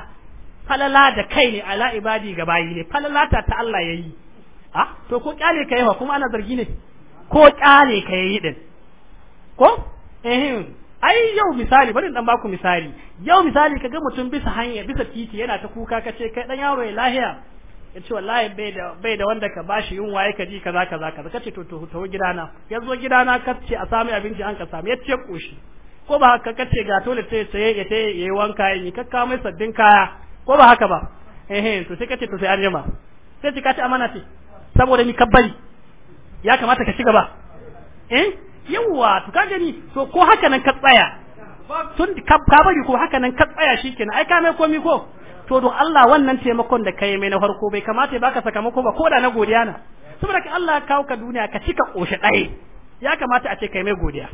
[SPEAKER 1] falala da kai ne ala ibadi ga bayi ne falala ta ta Allah yayi ah to ko kyale kai wa kuma ana zargi ne ko kyale kai yi din ko ai yau misali bari dan baku misali yau misali kaga mutum bisa hanya bisa titi yana ta kuka kace kai dan yaro ya lahiya ya ce wallahi bai da bai da wanda ka bashi yunwa ya kaji kaza kaza kaza kace to to to gidana ya zo gidana kace a sami abinci an ka sami ya ce koshi ko ba haka kace ga tole sai sai ya sai yayi wanka yi kakka mai sabbin kaya ko ba haka ba eh eh to sai kace to sai an jima sai ce kace amana ce saboda ni kabbali ya kamata ka ci gaba eh yawa to ka gani to ko haka nan ka tsaya tun ka bari ko haka nan ka tsaya shikenan ai ka mai komi ko to don Allah wannan taimakon da kai mai na farko bai kamata ya baka sakamako ba ko da na godiya na saboda ka Allah ya kawo ka duniya ka cika koshe ɗaya ya kamata a ce kai mai godiya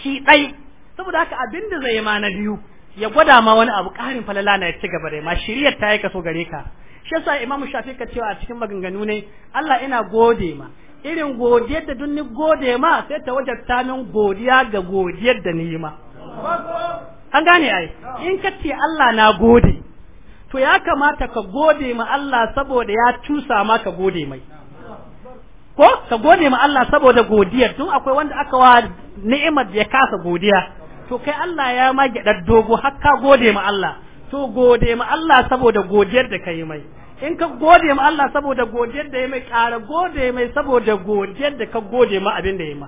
[SPEAKER 1] shi dai saboda haka abin da zai ma na biyu ya gwada ma wani abu karin falala na ya ci gaba da ma shiriyar ta yi kaso gare ka shi yasa imamu Shafi ka cewa a cikin maganganu ne Allah ina gode ma irin godiyar da duk gode ma sai ta ta min godiya ga godiyar da ni ma an gane ai in ka ce Allah na gode to ya kamata ka gode ma Allah saboda ya cusa ma ka gode mai ko ka gode ma Allah saboda godiyar tun akwai wanda aka wa ni'imar da ya kasa godiya to kai Allah ya ma gyaɗar dogo har ka gode ma Allah to gode ma Allah saboda godiyar da yi mai in ka gode ma Allah saboda godiyar da ya mai ƙara gode mai saboda godiyar da ka gode ma abin da ya ma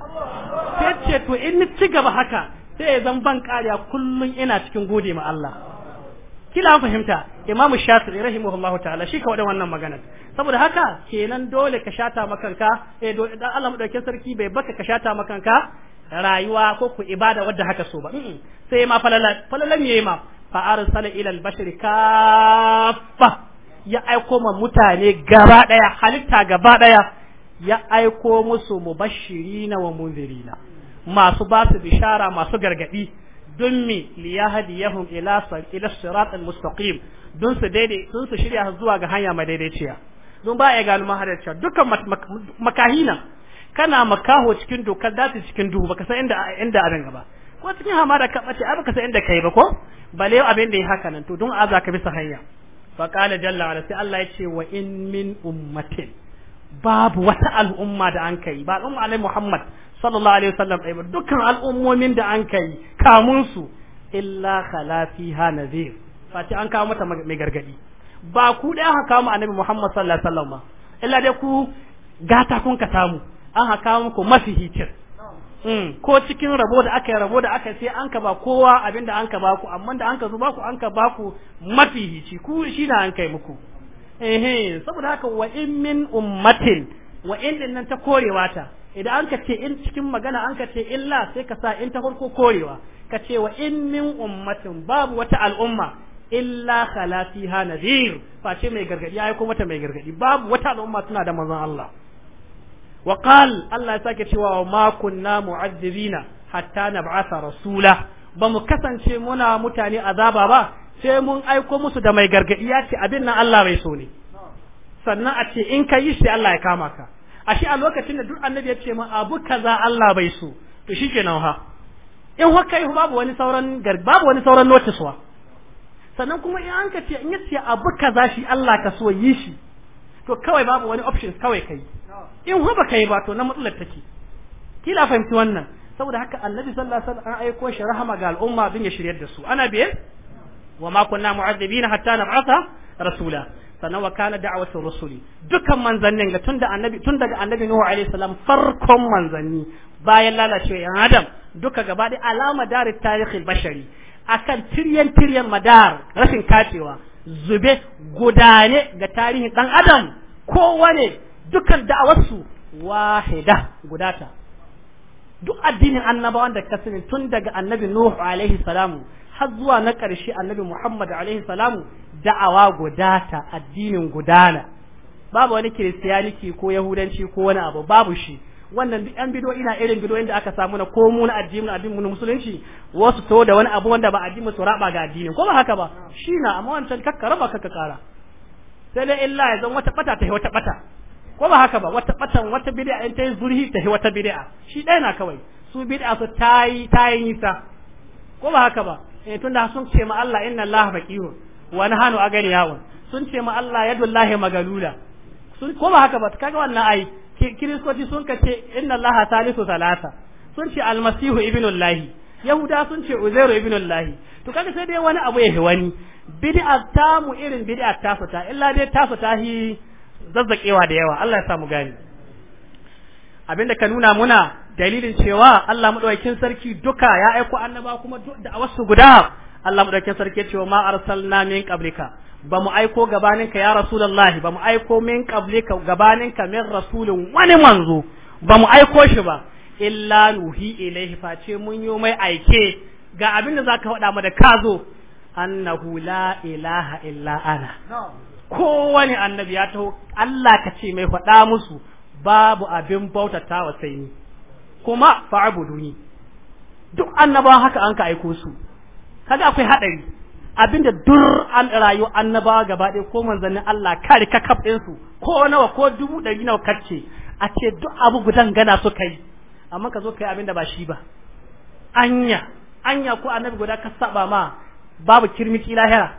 [SPEAKER 1] sai ce to in ni ci gaba haka sai ya zan ban ƙariya kullum ina cikin gode ma Allah kila an fahimta imamu shafi'i rahimahullah ta'ala shi ka wada wannan magana saboda haka kenan dole ka shata makanka eh dole dan Allah madaukakin sarki bai baka ka shata makanka rayuwa ko ku ibada wadda haka so ba sai ma falala falala me ma fa arsala ila al-bashri kaffa ya aiko ma mutane gaba daya halitta gaba daya ya aiko musu mubashirina wa munzirina masu ba su bishara masu gargadi don mi liyahdiyahum ila ila sirat al-mustaqim don su daidai don su shirya zuwa ga hanya mai daidaiciya don ba ya gano mahadarciya dukkan makahina kana makaho cikin dokar dati cikin duhu baka san inda inda abin ba. ko cikin hamada ka bace ai baka san inda kai ba ko bale abin da ya haka nan to don aza ka bi hanya fa qala jalla wa sai Allah ya ce wa in min ummatin babu wata al'umma da an kai ba al'umma alai Muhammad sallallahu alaihi wasallam ai dukkan al'ummomin da an kai kamun su illa khala fiha nadhir fati an kawo mata mai gargadi ba ku da aka kawo annabi Muhammad sallallahu alaihi wasallam illa dai ku gata kun ka samu an haka muku mafi hitir Hmm. ko cikin rabo da aka yi rabo da aka sai an ka ba kowa abin da an ka ba ku amma da an ka zo ba ku an ka ba ku mafi hici ku shi na an kai muku ehe saboda haka wa in min ummatin wa in din nan ta korewa ta idan an ka ce in cikin magana an ka ce illa sai ka sa in ta farko korewa ka ce wa in min ummatin babu wata al'umma illa khala fiha nadhir face mai gargadi ai ko mata mai gargadi babu wata al'umma suna da manzon Allah wa qal Allah ya sake cewa ma kunna mu'azzibina hatta nab'atha rasula ba mu kasance muna mutane azaba ba sai mun aiko musu da mai gargadi ya ce abin nan Allah bai so ne sannan a ce in ka yi sai Allah ya kama ka a shi a lokacin da duk annabi ya ce ma abu kaza Allah bai so to shikenan ha in haka yi babu wani sauran babu wani sauran notiswa. sannan kuma in an ka ce in ya ce abu kaza shi Allah ka so yi shi to kawai babu wani options kawai kai in ho baka yi ba to na matsalar take kila fahimci wannan saboda haka annabi sallallahu alaihi wasallam an aiko shi rahama ga al'umma bin ya shiryar da su ana biye wa ma kunna mu'adhibina hatta nab'atha rasula sannan wa kana da'watu rusuli dukan manzannin ga tunda annabi tun daga annabi nuhu alaihi salam farkon manzanni bayan lalacewa yan adam duka gaba da alama dari tarihin bashari akan tiryan tiryan madar rashin kacewa zube gudane ga tarihin dan adam kowane Dukkan da'awarsu wahida gudata duk addinin annabawan da kasirin tun daga annabi Nuhu alaihi salamu har zuwa na karshe annabi Muhammad alaihi salamu da'awa gudata addinin gudana babu wani kiristiyaniki ko yahudanci ko wani abu babu shi wannan duk yan bido ina irin bido da aka samu na ko mu na addinin addinin musulunci wasu to da wani abu wanda ba addinin su raba ga addini ko ba haka ba shi na amma wancan kakka raba kakka kara sai dai illa ya zan wata bata ta wata bata ko ba haka ba wata batan wata bid'a in ta yi zurhi ta yi wata bid'a shi ɗaya na kawai su bid'a su tayi tayi nisa ko ba haka ba eh tunda sun ce ma Allah inna Allah baqiyun wa nahanu agariyawun sun ce ma Allah yadullahi magalula sun ko ba haka ba kaga wannan ai kiristoci sun ka ce inna Allah salisu salasa sun ce almasihu ibnullahi yahuda sun ce uzairu ibnullahi to kaga sai dai wani abu ya wani bid'a ta mu irin bid'a ta fata illa dai ta fata hi zazzakewa da yawa Allah ya samu gani abinda ka nuna muna dalilin cewa Allah madaukakin sarki duka ya aiko annaba kuma da wasu guda Allah madaukakin sarki cewa ma arsalna min qablika ba mu aiko gabaninka ya rasulullahi ba mu aiko min qablika gabaninka min rasulin wani manzo ba mu aiko shi ba illa nuhi ilaihi face mun yi mai aike ga abinda zaka faɗa mu da kazo annahu la ilaha illa ana kowane annabi ya taho Allah ka ce mai faɗa musu babu abin bautatawa sai ni kuma fa'buduni duk annabawa haka an ka aiko su kaga akwai hadari abinda dur an rayu annabawa gaba ɗaya ko manzannin Allah kare ka kaf su ko nawa ko dubu ɗari nawa kacce a ce duk abu gudan gana su yi amma ka zo ka abinda ba shi ba anya anya ko annabi guda ka saba ma babu kirmiki lahira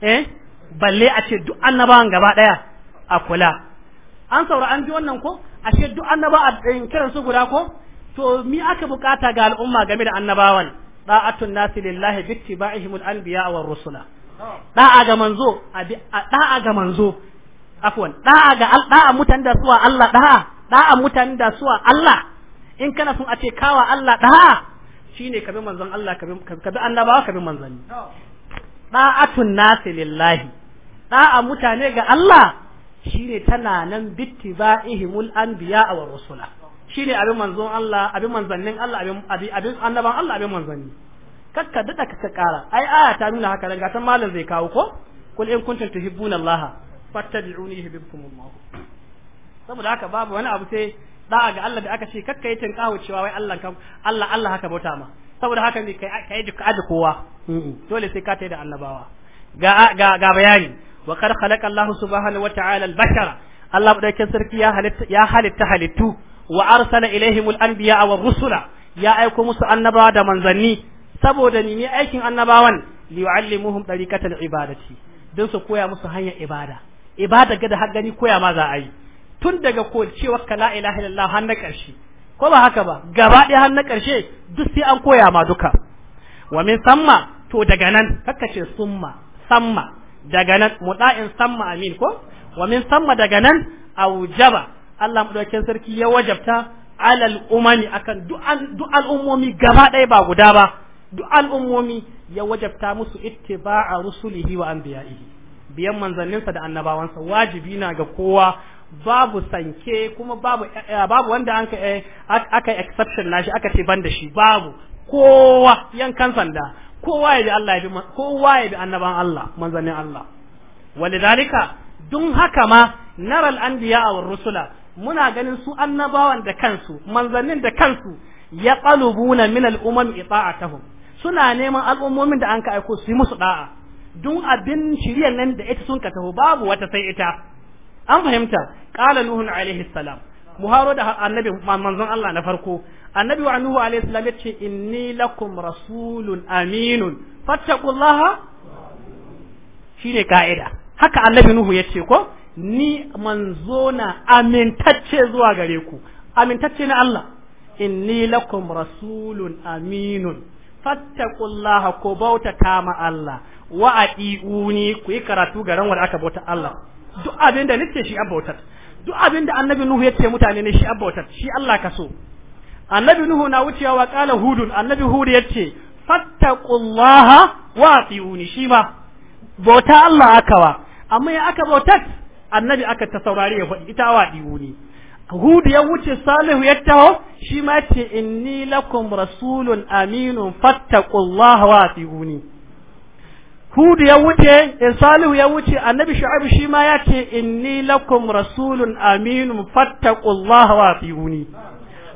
[SPEAKER 1] eh balle a ce duk annabawan gaba daya a kula an saura an ji wannan ko a ce duk annaba a kiran su guda ko to mi aka bukata ga al'umma game da annabawan da'atun nasi lillahi bi ittiba'ihim al-anbiya wa rusula da'a ga manzo a da'a ga manzo afwan da'a ga da'a mutan da suwa Allah da'a da'a mutan da suwa Allah in kana sun a ce kawa Allah da'a shine kabi manzon Allah kabi kabi annabawa kabi manzanni da'atun nasi lillahi da'a mutane ga Allah shine tana nan bittiba'ihimul anbiya wa rusula shine abin manzon Allah abin manzannin Allah abin abin annaban Allah abin manzanni kakka dada kaka kara ai aya ta nuna haka daga tan malam zai kawo ko kul in kuntum tuhibbuna Allah fattabi'uni yuhibbukum Allah saboda haka babu wani abu sai da'a ga Allah da aka ce kakka yi tinkawo cewa wai Allah Allah Allah haka bauta ma saboda haka ne kai aji kowa dole sai ka tai da annabawa ga ga ga bayani wa kar khalaqa Allah subhanahu wa ta'ala al-bashara Allah madaukakin sarki ya halitta ya halitta halittu wa arsala ilaihim al-anbiya wa rusula ya aiko musu annabawa da manzanni saboda ni ne aikin annabawan li yu'allimuhum tariqatal ibadati don su koya musu hanya ibada ibada ga da har gani koya ma za a yi tun daga ko cewa ka la ilaha illallah har na ƙarshe ko ba haka ba gaba ɗaya har na ƙarshe duk sai an koya ma duka wa min samma to daga nan kakace ce summa samma daga nan muda'in samma amin ko wa min samma daga nan aujaba Allah madaukakin sarki ya wajabta alal umami akan duk ummomi gaba ɗaya ba guda ba duk ummomi ya wajabta musu ittiba'a rusulihi wa anbiya'ihi biyan manzanninsa da annabawansa wajibi na ga kowa babu sanke kuma babu eh, eh, babu wanda aka eh, aka exception nashi aka ce ban shi babu kowa yankan sanda kowa ya bi Allah ya bi kowa ya bi annaban Allah manzannin Allah walidalika dun haka ma nara al-anbiya wa rusula muna ganin su annabawan da kansu manzannin da kansu ya qalubuna min al-umam ita'atuhum suna neman al'ummomin da an ka aiko su yi musu da'a dun abin shirya nan da ita sun ka taho babu wata sai ita an fahimta qala nuhun alaihi salam muharo da annabi manzon Allah na farko annabi wa nuhu alaihi salam yace inni lakum rasulun aminun fattaqullaha shine kaida haka annabi nuhu yace ko ni manzona amintacce zuwa gare ku amintacce na Allah inni lakum rasulun aminun fattaqullaha ko bauta ta ma Allah wa adiuni ku yi karatu garan wanda aka bauta Allah duk abin da nake shi abbautar duk abin da annabi nuhu yace mutane ne shi abbautar shi Allah ka so annabi nuhu na wucewa wa qala hudun annabi hud yace fattaqullaha wa atiuni shi ma bauta Allah akawa amma ya aka bautar annabi aka ta saurari ya faɗi ita wa diuni hudu ya wuce Salihu ya taho shi ma ce inni lakum rasulun aminun fattaqullaha wa atiuni hudu ya wuce eh, salihu ya wuce annabi shu'aibu shi ma ya ce inni lakum rasulun aminun fattaqullaha wa atihuni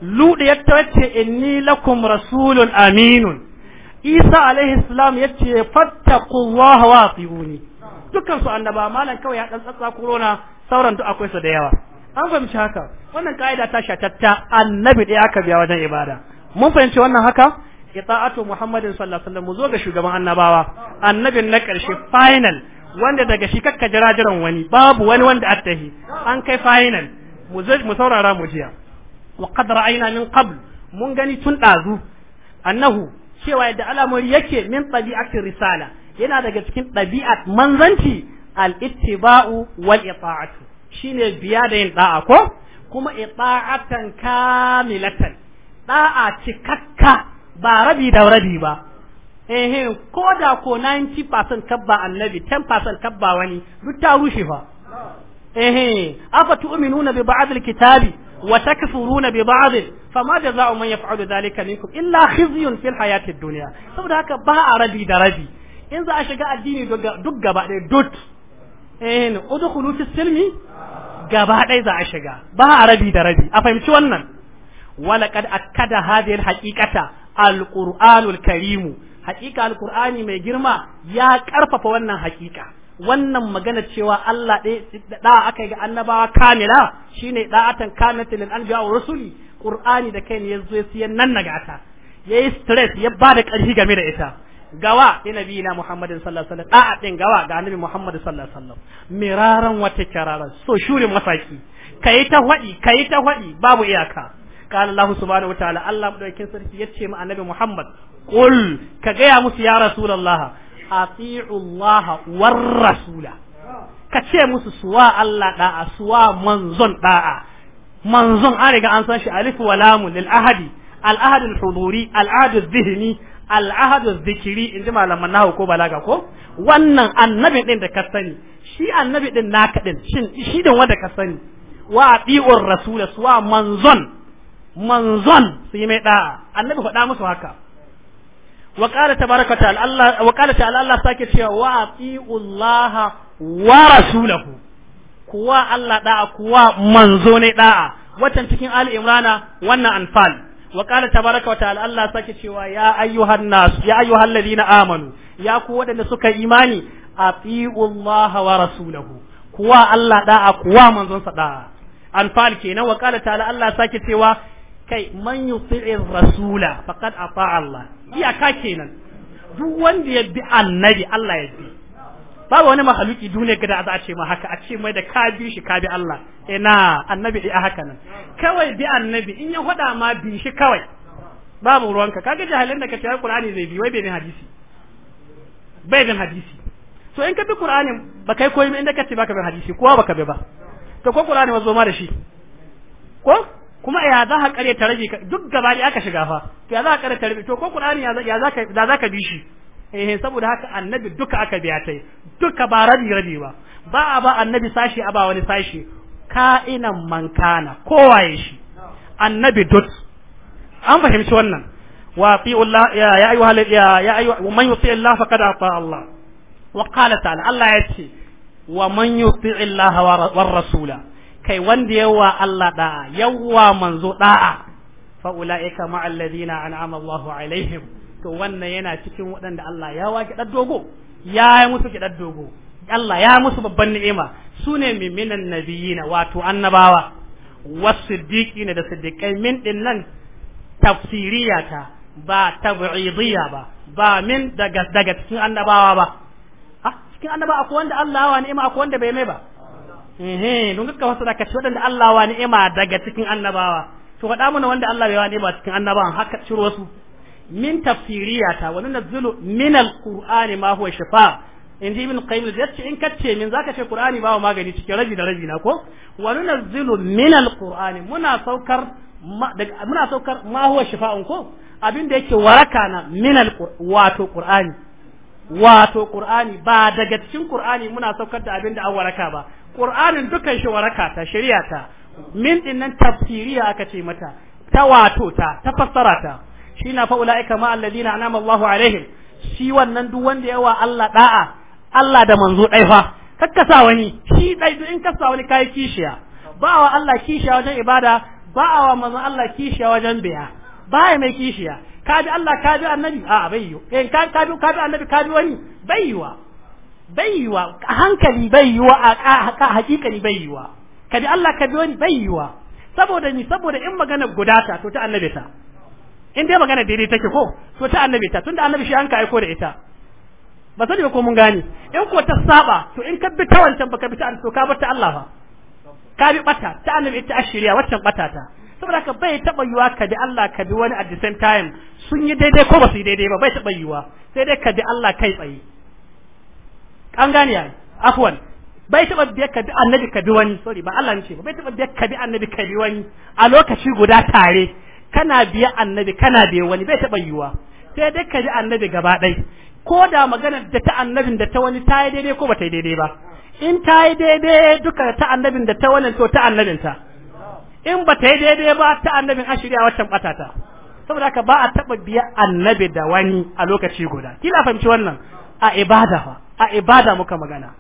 [SPEAKER 1] ludu ya tace inni lakum rasulun Aminu isa alaihi salam ya ce fattaqullaha wa huni. dukkan su annaba malam kawai ya ɗan tsatsa corona sauran duk akwai su da yawa an fahimci haka wannan kaida ta shatatta annabi da aka biya wajen ibada mun fahimci wannan haka ita'atu muhammadin sallallahu alaihi wasallam mu zo ga shugaban annabawa annabin na karshe final wanda daga shi kakka jira jiran wani babu wani wanda attahi an kai final mu zo mu saurara mu jiya wa qad ra'ayna min qabl mun gani tun dazu annahu cewa yadda al'amari yake min tabi'atir risala yana daga cikin ɗabi'at manzanci al-ittiba'u wal ita'atu shine biya da yin da'a ko kuma ita'atan kamilatan da'a cikakka ba rabi da rabi ba eh ko da ko 90% kabba annabi 10% kabba wani duk ta rushe fa eh afa tu'minuna bi ba'd al-kitabi wa takfuruna bi ba'd fama jaza'u man yaf'alu dhalika minkum illa khizyun fil hayati ad-dunya saboda haka ba a rabi da rabi in za a shiga addini duk gaba ɗaya dot eh udkhulu fi silmi gaba ɗaya za a shiga ba a rabi da rabi a fahimci wannan a kada هذه الحقيقة alqur'anul karimu hakika alqur'ani mai girma ya karfafa wannan hakika wannan magana cewa Allah da aka yi ga annabawa kamila shine da'atan kamilata lil anbiya wa rusuli qur'ani da kai ne yazo ya siyan nan nagata yayi stress ya bada karfi game da ita gawa inabi na muhammadin sallallahu alaihi wasallam da'a din gawa ga annabi muhammad sallallahu alaihi wasallam miraran wata kararan so shurin masaki kai ta hwadi kai ta hwadi babu iyaka qala Allah subhanahu wataala Allah madaukakin sarki yace ma annabi Muhammad qul ka gaya musu ya rasulullah ati'u Allah war rasula ka ce musu suwa Allah da'a suwa manzon ɗa'a. manzon an riga an san shi alif wa lam lil ahadi al ahad al zihini al ahad al dhihni al ahad al dhikri inji malaman nahu ko balaga ko wannan annabi din da ka sani shi annabi ɗin naka din shin shi din wanda ka sani wa ati'ur rasul suwa manzon manzon su yi mai da'a annabi faɗa musu haka wa ta baraka ta'ala Allah wa qala ta'ala Allah sake cewa wa atiullaha wa rasulahu kuwa Allah da'a kuwa manzo ne da'a watan cikin Ali Imrana wannan anfal wa ta baraka ta'ala Allah sake cewa ya ayyuhan nas ya ayyuhal ladina amanu ya ku wadanda suka imani atiullaha wa rasulahu kuwa Allah da'a kuwa manzon sa da'a anfal kenan wa qala ta'ala Allah sake cewa kai man yuti'ir rasula faqad ata'a Allah ka kenan duk wanda ya bi annabi Allah ya bi babu wani mahaluki duniya gida za a ce ma haka a ce mai da ka bi shi ka bi Allah ina annabi a haka nan kawai bi annabi in ya faɗa ma bi shi kawai babu ruwanka kaga jahilin da ka tayi Qur'ani zai bi wai bai bin hadisi bai bin hadisi to in ka bi Qur'ani ba kai koyi inda ka ce baka bin hadisi kowa baka bi ba to ko Qur'ani ma zo ma da shi ko kuma ya za ka kare ta rabi duk gaba da aka shiga fa to ya za ka kare ta rabi to ko qur'ani ya za ka da za ka bi shi eh saboda haka annabi duka aka biya ta duka ba rabi rabi ba ba a ba annabi sashi a ba wani sashi ka'inan mankana kowaye shi annabi dut an fahimci wannan wa fi Allah ya ya ayu hal ya ya ayu man yuti Allah faqad ata Allah wa qala ta'ala Allah ya ce wa man yuti Allah wa rasula kai wanda yawa Allah da'a yawa manzo da'a fa ulaika ma'al ladina an'ama Allahu alaihim to wannan yana cikin waɗanda Allah ya waki dan dogo ya yi musu kidan dogo Allah ya musu babban ni'ima sune minan nabiyina wato annabawa wasiddiqina da siddiqai min din nan tafsiriyata ba tab'idiyya ba ba min daga daga cikin annabawa ba ah cikin annabawa akwai wanda Allah ya wa ni'ima akwai wanda bai mai ba ehe don duka wasu da kashi waɗanda Allah wa ni'ima daga cikin annabawa to faɗa mana wanda Allah ya wa ni'ima cikin annabawa haka ciro wasu min tafsiriyata wani nunazzilu min alqur'ani ma huwa shifa in ji ibn qayyim da in kace min zaka ce qur'ani ba magani cikin rabi da rabi na ko wa nunazzilu min alqur'ani muna saukar muna saukar ma huwa shifa'un ko abin da yake waraka na min wato qur'ani wato Qur'ani ba daga cikin Qur'ani muna saukar da abin da an waraka ba Qur'anin dukan shi waraka ta shari'a ta min din nan tafsiriya aka ce mata ta wato ta ta fassara ta shi na fa ulaika ma alladina anama Allahu alaihim shi wannan duk wanda yawa Allah da'a Allah da manzo dai fa kakkasa wani shi dai duk in kasa wani kai kishiya ba wa Allah kishiya wajen ibada ba wa manzo Allah kishiya wajen biya ba mai kishiya Eh, ka bi Allah ka bi annabi a bayyo yiwu in ka ka bi ka bi annabi ka bi wani bayyuwa bayyuwa a hankali bayyuwa a ka hakikani bai yiwa ka bi Allah ka bi wani bayyuwa saboda ni saboda in magana guda ta to ta annabi ta in dai magana daidai take ko to ta annabi ta tunda annabi shi an ka aiko da ita ba sani ba ko mun gane in ko ta saba to in ka bi ta wancan baka bi ta to ka bar ta Allah ba ka bi bata ta annabi ta ashiriya waccan bata ta saboda ka bai taba yiwa ka bi Allah ka bi wani at the same time sun yi daidai ko ba su yi daidai ba bai taɓa yiwuwa sai dai ka bi Allah kai tsaye an gane ya afwan bai taɓa biya ka bi annabi ka bi wani sorry ba Allah ce ba bai taɓa biya ka bi annabi ka bi wani a lokaci guda tare kana biya annabi kana biya wani bai taɓa yiwuwa sai dai ka bi annabi gaba ɗai ko da maganar da ta annabin da ta wani ta yi daidai ko ba ta yi daidai ba in ta yi daidai duka ta annabin da ta wani to ta annabin ta in ba ta yi daidai ba ta annabin shirya waccan ɓatata. saboda haka ba a taba biya annabi da wani a lokaci guda kila fahimci wannan a ibada fa a ibada muka magana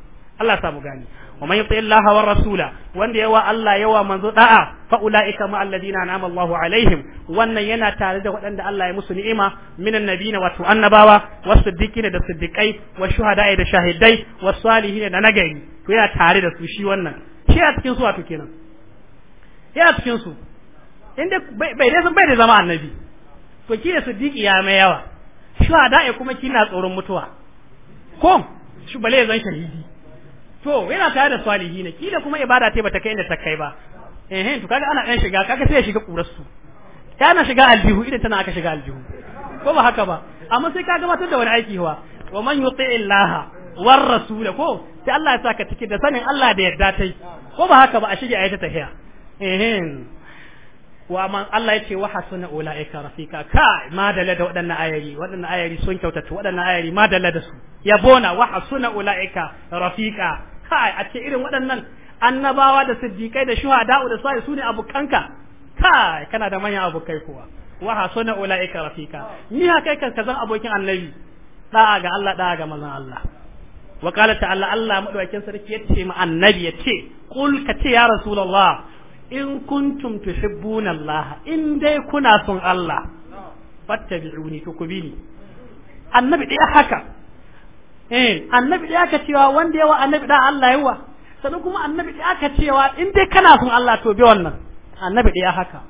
[SPEAKER 1] Allah ya samu gani wa man yuti Allah wa rasula wanda yawa Allah yawa manzo da'a fa ulaika ma alladina an'ama Allahu alaihim wannan yana tare da waɗanda Allah ya musu ni'ima minan nabiyina wato annabawa wasiddiqin da siddiqai wa shuhada'i da shahidai wa salihin da nagari to yana tare da su shi wannan shi a cikin su wato kenan Ya cikin su inda bai dai san bai da zama annabi to ki da Sadiki ya mai yawa a ya kuma kina tsoron mutuwa ko shi bale zan shahidi to yana tare da salihi ne kila kuma ibada ta bata kai inda ta kai ba eh to kaga ana dan shiga kaga sai ya shiga kurar su kana shiga aljihu idan tana aka shiga aljihu ko ba haka ba amma sai ka gabatar da wani aiki wa wa man yuti illaha war rasul ko sai Allah ya saka ciki da sanin Allah da yarda tai ko ba haka ba a shige ayata tahiya eh wa man Allah ya ce wa hasuna ulaika rafika ka madalla da waɗannan ayari waɗannan ayari sun kyautata waɗannan ayari madalla da su yabona wa hasuna ulaika rafika kai a ce irin waɗannan annabawa da siddiqai da shuhada da sai su ne abukanka kai kana da manyan abokai kuwa wa hasuna ulaika rafika ni ha kai kan kazan abokin annabi da'a ga Allah da'a ga manzon Allah wa qala ta'ala Allah madaukakin sarki yace ma annabi yace qul ka ce ya rasulullah in kuntum tuhibbuna Allah in dai kuna son Allah fattabi'uni to ku bi ni annabi dai haka eh annabi dai aka cewa wanda yawa annabi da Allah yawa sannan kuma annabi dai aka cewa in dai kana son Allah to bi wannan annabi dai haka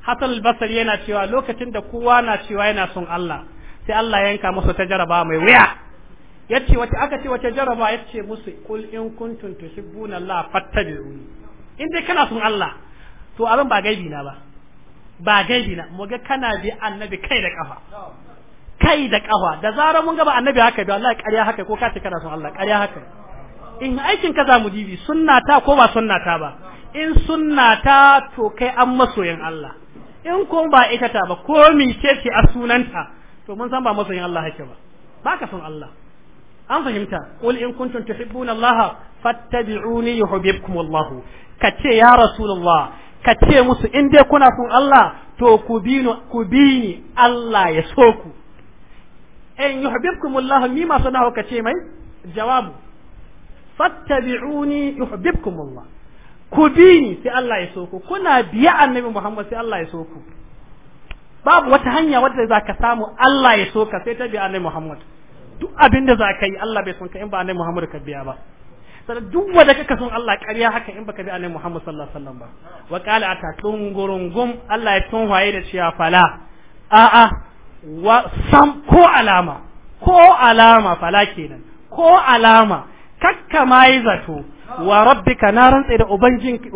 [SPEAKER 1] Hassan al-Basri yana cewa lokacin da kowa na cewa yana son Allah sai Allah yanka musu ta jaraba mai wuya yace wace aka ce wace jaraba yace musu kul in kuntum tuhibbuna Allah fattabi'uni in dai kana sun Allah to abin ba gaibi na ba ba gaibi na mu ga kana bi annabi kai da kafa kai da kafa da zarar mun ga ba annabi haka bi Allah ƙarya haka ko ka ce kana sun Allah ƙarya haka in aikin ka za mu dibi sunna ta ko ba sunna ta ba in sunna ta to kai an masoyin Allah in ko ba ita ta ba ko mi ce ce a sunanta to mun san ba masoyin Allah hake ba Ba ka sun Allah an fahimta qul in kuntum tuhibbuna Allah fattabi'uni yuhibbukum Allah ka ce ya rasulullah ka ce musu in dai kuna son Allah to ku bi ku Allah ya so ku in yuhibbukumullah ka ce mai jawabu fattabi'uni yuhibbukumullah ku sai Allah ya so ku kuna biya annabi Muhammad sai Allah ya so ku babu wata hanya wadda za ka samu Allah ya so ka sai ta biya annabi Muhammad duk abin da za ka yi Allah bai son ka in ba annabi Muhammad ka biya ba sannan duk wanda kaka son Allah ƙarya haka in baka bi annabi Muhammad sallallahu alaihi wasallam ba wa qala ata tungurungum Allah ya waye da cewa fala a a wa sam ko alama ko alama fala kenan ko alama kakka mai zato wa rabbika na rantse da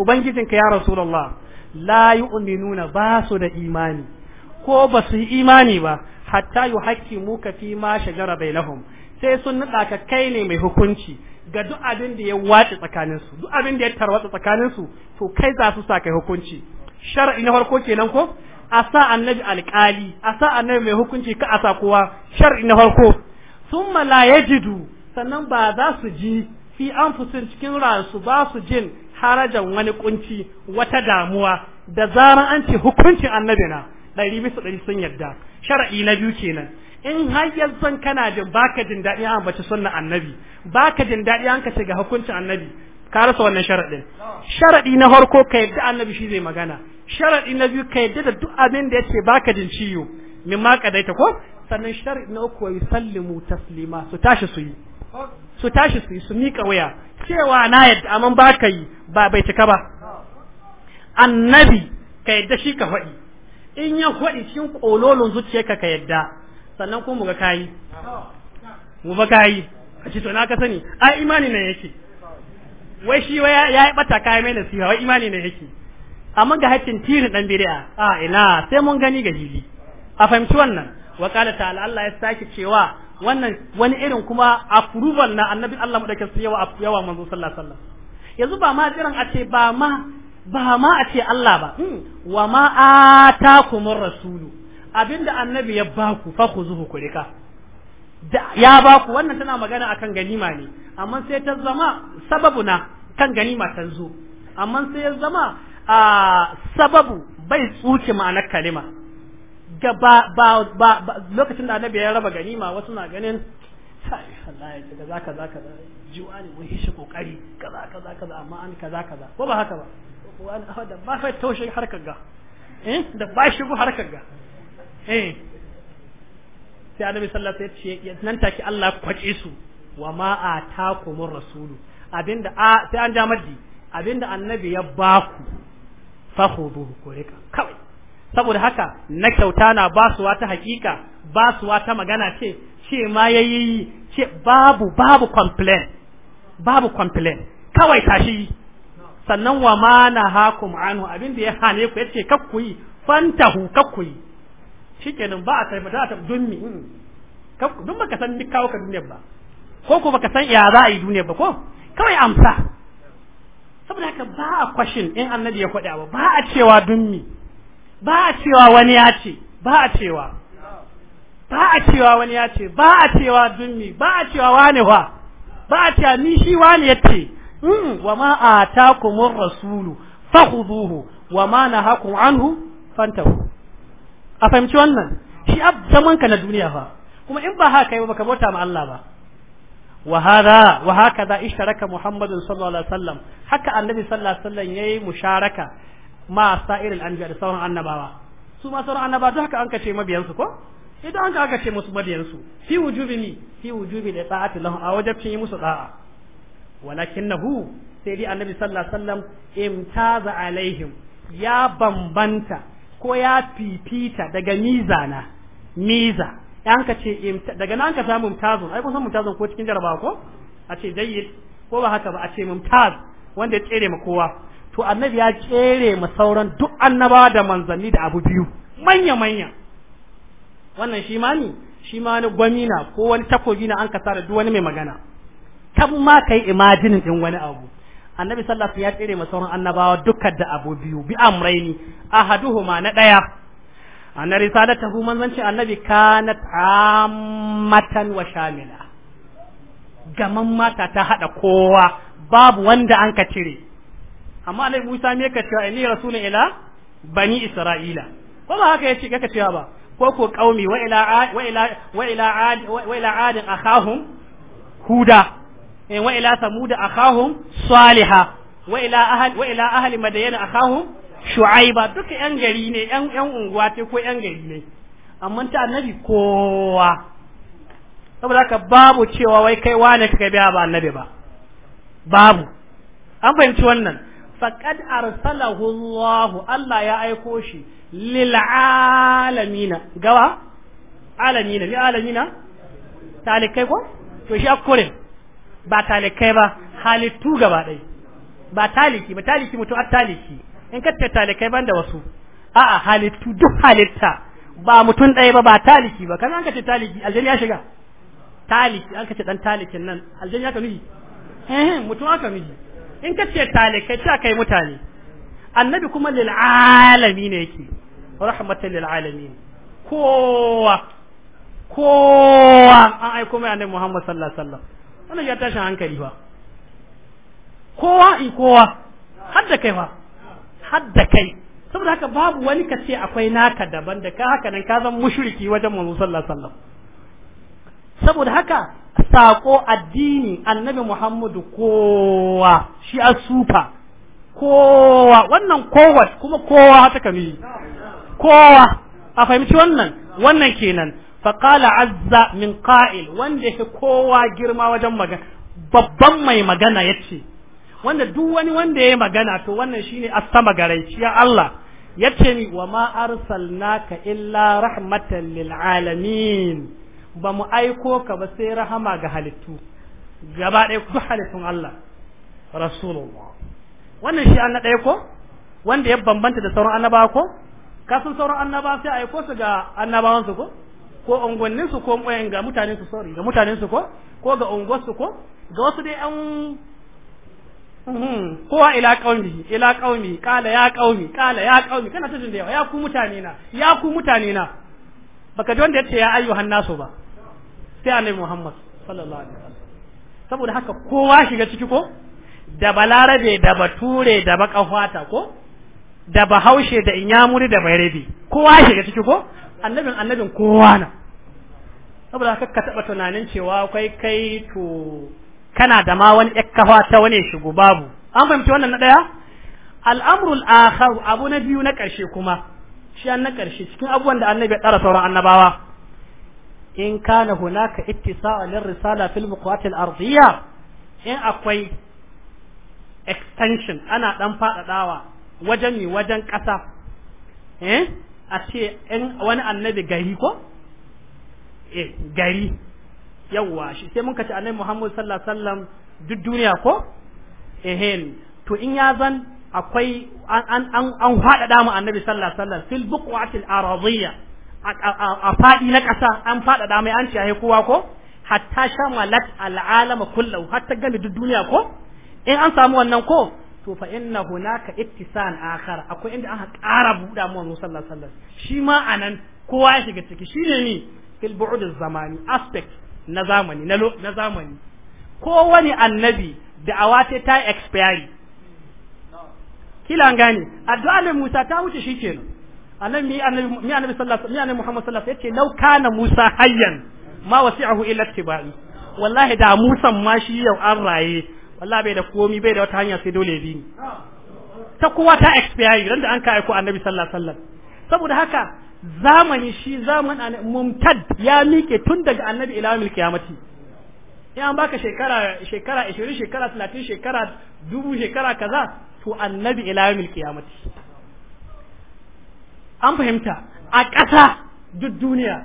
[SPEAKER 1] ubangijinka ya rasulullah la yu'minuna ba su da imani ko ba su yi imani ba hatta yuhaqqimuka fi ma shajara bainahum sai sun nada ka kai ne mai hukunci ga duk abin da ya wace tsakanin su duk abin da ya tarwatsa tsakanin su to kai za su sa kai hukunci shar'i na farko kenan ko a sa annabi alƙali a sa annabi mai hukunci ka a sa kowa shar'i na farko summa la yajidu sannan ba za su ji fi anfusin cikin ransu ba su jin harajan wani kunci wata damuwa da zaran an ce hukuncin annabi na ɗari bisa ɗari sun yarda shar'i na biyu kenan in har yanzu kana jin baka jin daɗi an bace sunnan annabi baka jin daɗi an kace ga hukuncin annabi ka rasa wannan sharaɗin sharaɗi na farko ka yadda annabi shi zai magana sharaɗi na biyu ka yadda da duk abin da yace baka jin ciwo min ma daita ko sannan sharaɗi na uku wai sallimu taslima su tashi su yi su tashi su yi su miƙa waya cewa na yadda amma baka yi ba bai cika ba annabi ka yadda shi ka faɗi in ya faɗi cikin ƙololin zuciyarka ka yadda sannan ko mu ga kayi mu ba kayi a ce to na ka sani a imani ne yake wai shi wai ya yi bata kayi mai nasiha wai imani ne yake amma ga haccin tirin dan bid'a a ina sai mun gani ga jiji a fahimci wannan wa qala ta'ala Allah ya sake cewa wannan wani irin kuma approval na annabi Allah madaukakin sai yawa yawa manzo sallallahu alaihi wasallam yanzu ba ma jiran a ce ba ma ba ma a ce Allah ba hmm. wa ma atakumur rasulu abinda annabi ya baku fa ku zuhu ku rika ya baku wannan tana magana akan ganima ne amma sai ta zama sababuna kan ganima ta zo amma sai ya zama a sababu bai tsuke ma'anar kalima ga ba, ba, ba, lokacin da annabi ya raba ganima wasu na ganin sai Allah ya ga zaka zaka jiwa ne mun shi kokari kaza kaza kaza amma an kaza kaza ko ba haka ba ko an da ba fa taushe harkar ga eh da ba shi harkar ga Eh. sai annabi sallallahu alaihi wasallam ya ce nan take Allah kwace su wa ma atakumur rasulu abinda a sai an ja maddi abinda annabi ya baku fakhuduhu kurika kawai saboda haka na kyauta na basuwa ta hakika basuwa ta magana ce ce ma yayi ce babu babu complain babu complain kawai tashi sannan wa ma nahakum anhu abinda ya hane ku yace kakkuyi fantahu kakkuyi shikenan ba a taimaka ta don mi hmm. don baka san duk kawo ka duniyar ba ko ko baka san ya za a yi duniyar ba ko kawai amsa saboda haka ba a kwashin in annabi ya faɗa ba ba a cewa don mi ba a cewa wani ya ce ba a cewa ba a cewa wani ya ce ba a cewa don mi ba a cewa wane wa ba a cewa ni shi wani ya ce hmm. wa ma atakumur rasulu fa fakhudhuhu wa ma nahakum anhu fantahu a fahimci wannan shi ab zaman ka na duniya fa kuma in ba haka yi ba ka bauta ma Allah ba wa hada wa hakaza ishtaraka muhammadun sallallahu alaihi wasallam haka annabi sallallahu alaihi wasallam yayi musharaka ma sa'iril anbiya da sauran annabawa su ma sauran annabawa duk haka an kace mabiyan su ko idan an aka ce musu mabiyan su fi wujubi ni fi wujubi da ta'ati lahum a wajabcin yi musu da'a walakinahu sai dai annabi sallallahu alaihi wasallam imtaza alaihim ya bambanta ko ya fifita daga miza na miza an ka ce daga nan ka samu mutazun ai kun san mutazun ko cikin jarabawa ko a ce jayyid ko ba haka ba a ce mumtaz wanda ya tsere ma kowa to annabi ya tsere ma sauran duk annaba da manzanni da abu biyu manya manya wannan shi ma ni shi ma wani gwamina ko wani takobi na an sa da duk wani mai magana kan ma kai imajinin din wani abu annabi sallallahu alaihi wasallam ya tsere ma sauran annabawa dukkan da abu biyu bi amraini ahaduhuma na daya anna risalatahu manzanci annabi kanat ammatan wa shamila gaman mata ta hada kowa babu wanda an ka cire amma annabi Musa me ka cewa inni rasulun ila bani isra'ila ko ba haka yace kaka cewa ba ko ko qaumi wa ila wa ila wa ila wa ila adin akahum huda Eh, wa ila samuda akahum saliha wa ila ahli wa ila ahli shu'aiba duka yan gari ne yan yan unguwa ce ko yan gari ne amma ta annabi kowa saboda haka babu cewa wai kai wane kai biya ba annabi ba babu an fahimci wannan faqad arsalahu Allah Allah ya aiko shi lil alamina gawa alamina li alamina talikai ko to shi akurin ba talikai ba halittu gaba ɗai ba taliki ba taliki mutu a taliki in ka ce talikai ban da wasu a'a halittu duk halitta ba mutum ɗaya ba ba taliki ba kaga an kace taliki aljani ya shiga taliki an ka ce dan talikin nan aljani aka miji eh mutum aka miji in ka ce talikai ta kai mutane annabi kuma lil alami ne yake rahmatan lil alamin kowa kowa an aiko mai annabi Muhammad sallallahu alaihi wasallam wannan ya tashin hankali ba kowa in kowa har da kai ba har da kai saboda haka babu wani ka ce akwai naka daban da ka haka nan ka zan mushriki wajen manzo sallallahu alaihi wasallam saboda haka sako addini annabi Muhammadu kowa shi asufa kowa wannan kowa kuma kowa ta kami kowa a fahimci wannan wannan kenan faƙala azza min ƙa'il wanda yake kowa girma wajen magana babban mai magana ya ce wanda duk wani wanda ya yi magana to wannan shi ne asama garaici ya Allah ya ce ni wa ma arsalnaka illa rahmatan lil alamin ba mu aiko ka ba sai rahama ga halittu gaba ɗaya ku halittun Allah rasulullah wannan shi an ɗaya ko wanda ya bambanta da sauran annabawa ko kasan sauran annabawa sai aiko su ga annabawansu ko ko unguwannin su ko ɓoyen eh, ga mutanen su sorry ga mutanen su ko ko ga unguwar su ko ga wasu dai an mhm, kowa ila kaumi ila kaumi kala ya kaumi kala ya kaumi kana tajin da yawa ya ku mutane na ya ku mutane na baka ji wanda yace ya ayyuhan hannaso ba sai annabi Muhammad sallallahu alaihi wasallam saboda haka kowa shiga ciki ko da balarabe da bature da baka fata ko da bahaushe da inyamuri da bairebi kowa shiga ciki ko annabin annabin kowa na saboda haka ka taba tunanin cewa kai kai to kana da ma wani ƴakkafa ta wani shigo babu an fahimci wannan na daya al'amrul akhar abu na biyu na karshe kuma shi an na karshe cikin abubuwan da annabi ya tsara sauran annabawa in kana hunaka ittisa'a lir risala fil buqat ardiyya in akwai extension ana dan fadadawa wajen mi wajen kasa eh a ce wani annabi gari ko eh gari yawwa shi sai mun kace annabi Muhammad sallallahu alaihi duk duniya ko ehen to in ya zan akwai an an an faɗaɗa mu annabi sallallahu alaihi wasallam fil a faɗi na ƙasa an faɗaɗa mai an ciyaye kowa ko hatta sha shamalat al'alama kullahu hatta gani duk duniya ko in an samu wannan ko to fa inna hunaka ittisan akhar akwai inda aka ƙara buɗa mu Muhammad sallallahu alaihi wasallam shi ma anan kowa ya shiga ciki shine ni fil bu'd zamani aspect na zamani na na zamani kowani annabi ta kila an gane addu'a Musa ta wuce shikenan mi annabi mi annabi sallallahu alaihi wasallam Muhammad sallallahu alaihi wasallam law kana Musa hayyan ma wasi'ahu illa ittiba'i wallahi da Musa ma shi yau an raye Allah bai da komi bai da wata hanya sai dole bi ni ta kowa ta expire randa an ka aiko annabi sallallahu alaihi wasallam saboda haka zamani shi zaman mumtad ya mike tun daga annabi ila yawmil qiyamati Ya an baka shekara shekara 20 shekara 30 shekara dubu shekara kaza to annabi ila yawmil qiyamati an fahimta a ƙasa duk duniya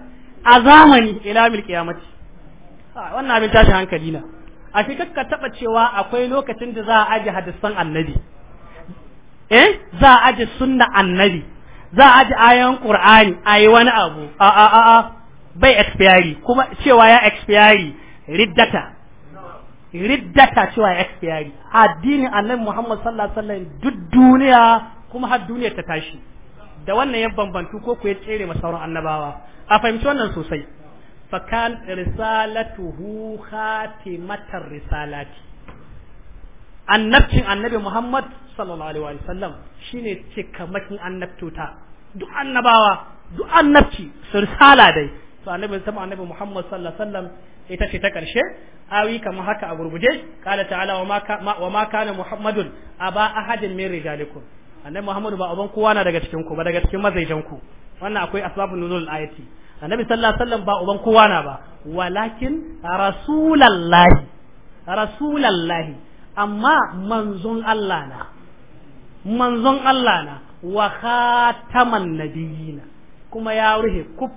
[SPEAKER 1] a zamani ila yawmil qiyamati wannan abin tashi hankali na a fi kakka taba cewa akwai lokacin da za a aji hadisan annabi eh za a aji sunna annabi za a aji ayan qur'ani ayi wani abu a a a, bai expiry kuma cewa ya expiry riddata riddata cewa ya expiry addinin annabi Muhammad sallallahu alaihi wasallam duk duniya kuma har duniya ta tashi da wannan ya bambantu ko ku ya tsere ma sauran annabawa a fahimci wannan sosai fakan risalatuhu khatimatar risalati annabcin annabi Muhammad sallallahu alaihi wa sallam shine cikamakin annabtota duk annabawa duk annabci su risala dai to annabi sama annabi Muhammad sallallahu alaihi wa sallam ita ce ta karshe awi kamar haka a gurguje qala ta'ala wa ma kana muhammadun aba ahadin min rijalikum annabi Muhammad ba uban kowa na daga cikin ku ba daga cikin mazaijan ku wannan akwai asbabun nuzul ayati annabi sallallahu alaihi wasallam ba uban kowa na ba walakin rasulallahi rasulallahi amma manzon Allah na manzon Allah na wa khataman nabiyina kuma ya ruhe kuf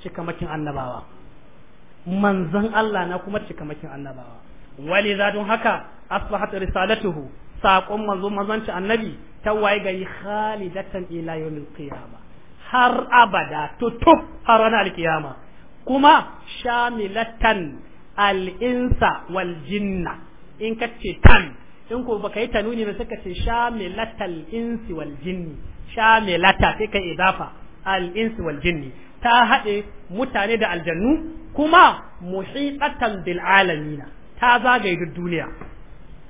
[SPEAKER 1] cikamakin annabawa manzon Allah na kuma cikamakin annabawa wali zadun haka asbahat risalatuhu saƙon manzon manzanci annabi ta waye gari khalidatan ila yawmil qiyamah har abada tutub har ranar alkiyama kuma shamilatan al'insa wal jinna in ka ce tan in ko baka yi tanuni ba suka ce shamilatal insi wal jinni shamilata sai ka idafa al wal jinni ta haɗe mutane da aljannu kuma muhiqatan bil alamina ta zagaye duk duniya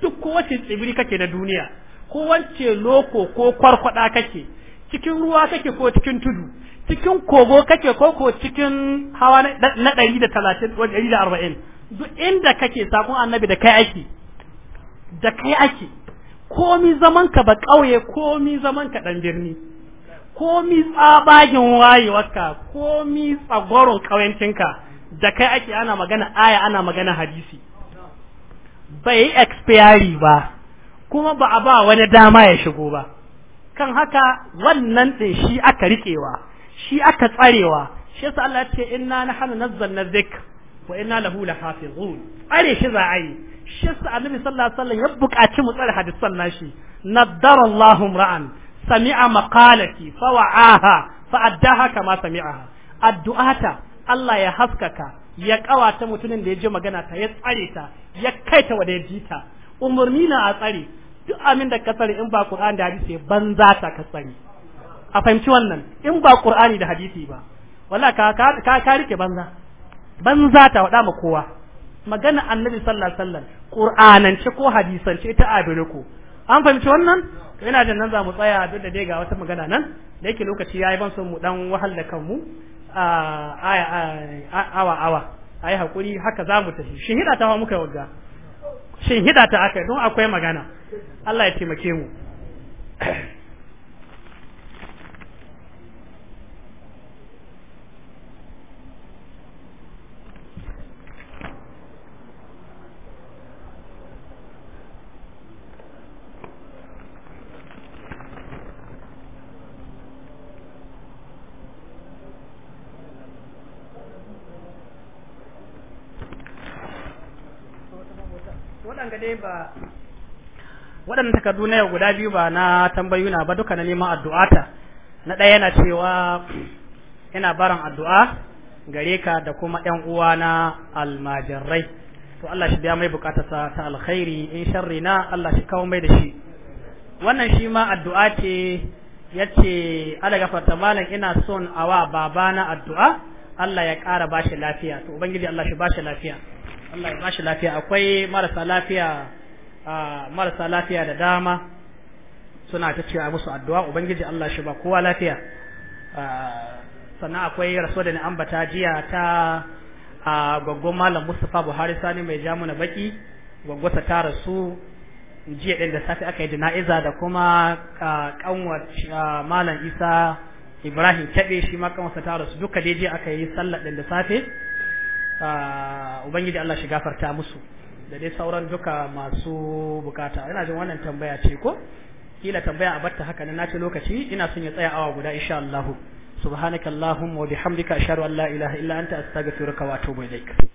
[SPEAKER 1] duk kowace tsibiri kake na duniya kowace loko ko kwarkwada kake cikin ruwa kake ko cikin tudu cikin kogo kake ko ko cikin hawa na ɗari da talatin ko ɗari da arba'in duk inda kake sakon annabi da kai ake da kai ake komi zaman ka ba ƙauye komi zaman ka ɗan birni komi tsabagen wayewarka komi tsagoron ƙawancinka da kai ake ana magana aya ana magana hadisi bai yi expiry ba kuma ba a ba wani dama ya shigo ba kan haka wannan ɗin shi aka rikewa shi aka tsarewa shi yasa Allah ya ce inna nahnu nazzalna dhikr wa inna lahu lahafizun tsare shi za a yi shi yasa annabi sallallahu alaihi wasallam ya buƙaci mu tsare hadisan nashi naddara Allahu ra'an sami'a maqalati fa wa'aha fa addaha kama sami'aha addu'ata Allah ya haskaka ya kawata mutumin da ya ji magana ta ya tsare ta ya kaita wa da ya jita umurni na a tsare duk amin da ka sani in ba Qur'ani da hadisi za ta ka sani a fahimci wannan in ba Qur'ani da hadisi ba wala ka ka ka rike banza banza ta wada ma kowa magana annabi sallallahu alaihi wasallam ko hadisance ta abire ko an fahimci wannan ina da nan za mu tsaya duk da dai ga wata magana nan da yake lokaci yayi ban son mu dan wahal da kanmu a aya awa awa ayi hakuri haka za mu tafi hida ta muka wagga shin hida ta aka don akwai magana Allah ya taimake mu ba waɗannan takarduna na yau guda biyu ba na tambayuna ba duka na neman addu'ata na ɗaya yana cewa yana baran addu'a gare ka da kuma ƴan uwa na almajirai to Allah shi biya mai sa ta alkhairi in sharri na Allah shi kawo mai da shi wannan shi ma addu'a ce yace ala gafarta malam ina son awa babana addu'a Allah ya ƙara bashi lafiya to ubangiji Allah shi bashi lafiya Allah ya bashi lafiya akwai marasa lafiya marasa lafiya da dama suna ta cewa musu addu'a ubangiji Allah shi ba kowa lafiya sannan akwai rasuwa da ni ambata jiya ta gwaggon malam Mustapha Buhari Sani mai jamu na baki gwaggwasa ta rasu jiya ɗin da safe aka yi jana'iza da kuma kanwar malam Isa Ibrahim Kebe shi ma kanwarsa ta rasu duka dai jiya aka yi sallah ɗin da safe ubangiji Allah shi gafarta musu da dai sauran duka masu bukata ina jin wannan tambaya ce ko kila tambaya a batta haka na ce lokaci ina son ya tsaya awa guda insha Allah subhanakallahumma wa bihamdika ashhadu an la ilaha illa anta astaghfiruka wa atubu ilaik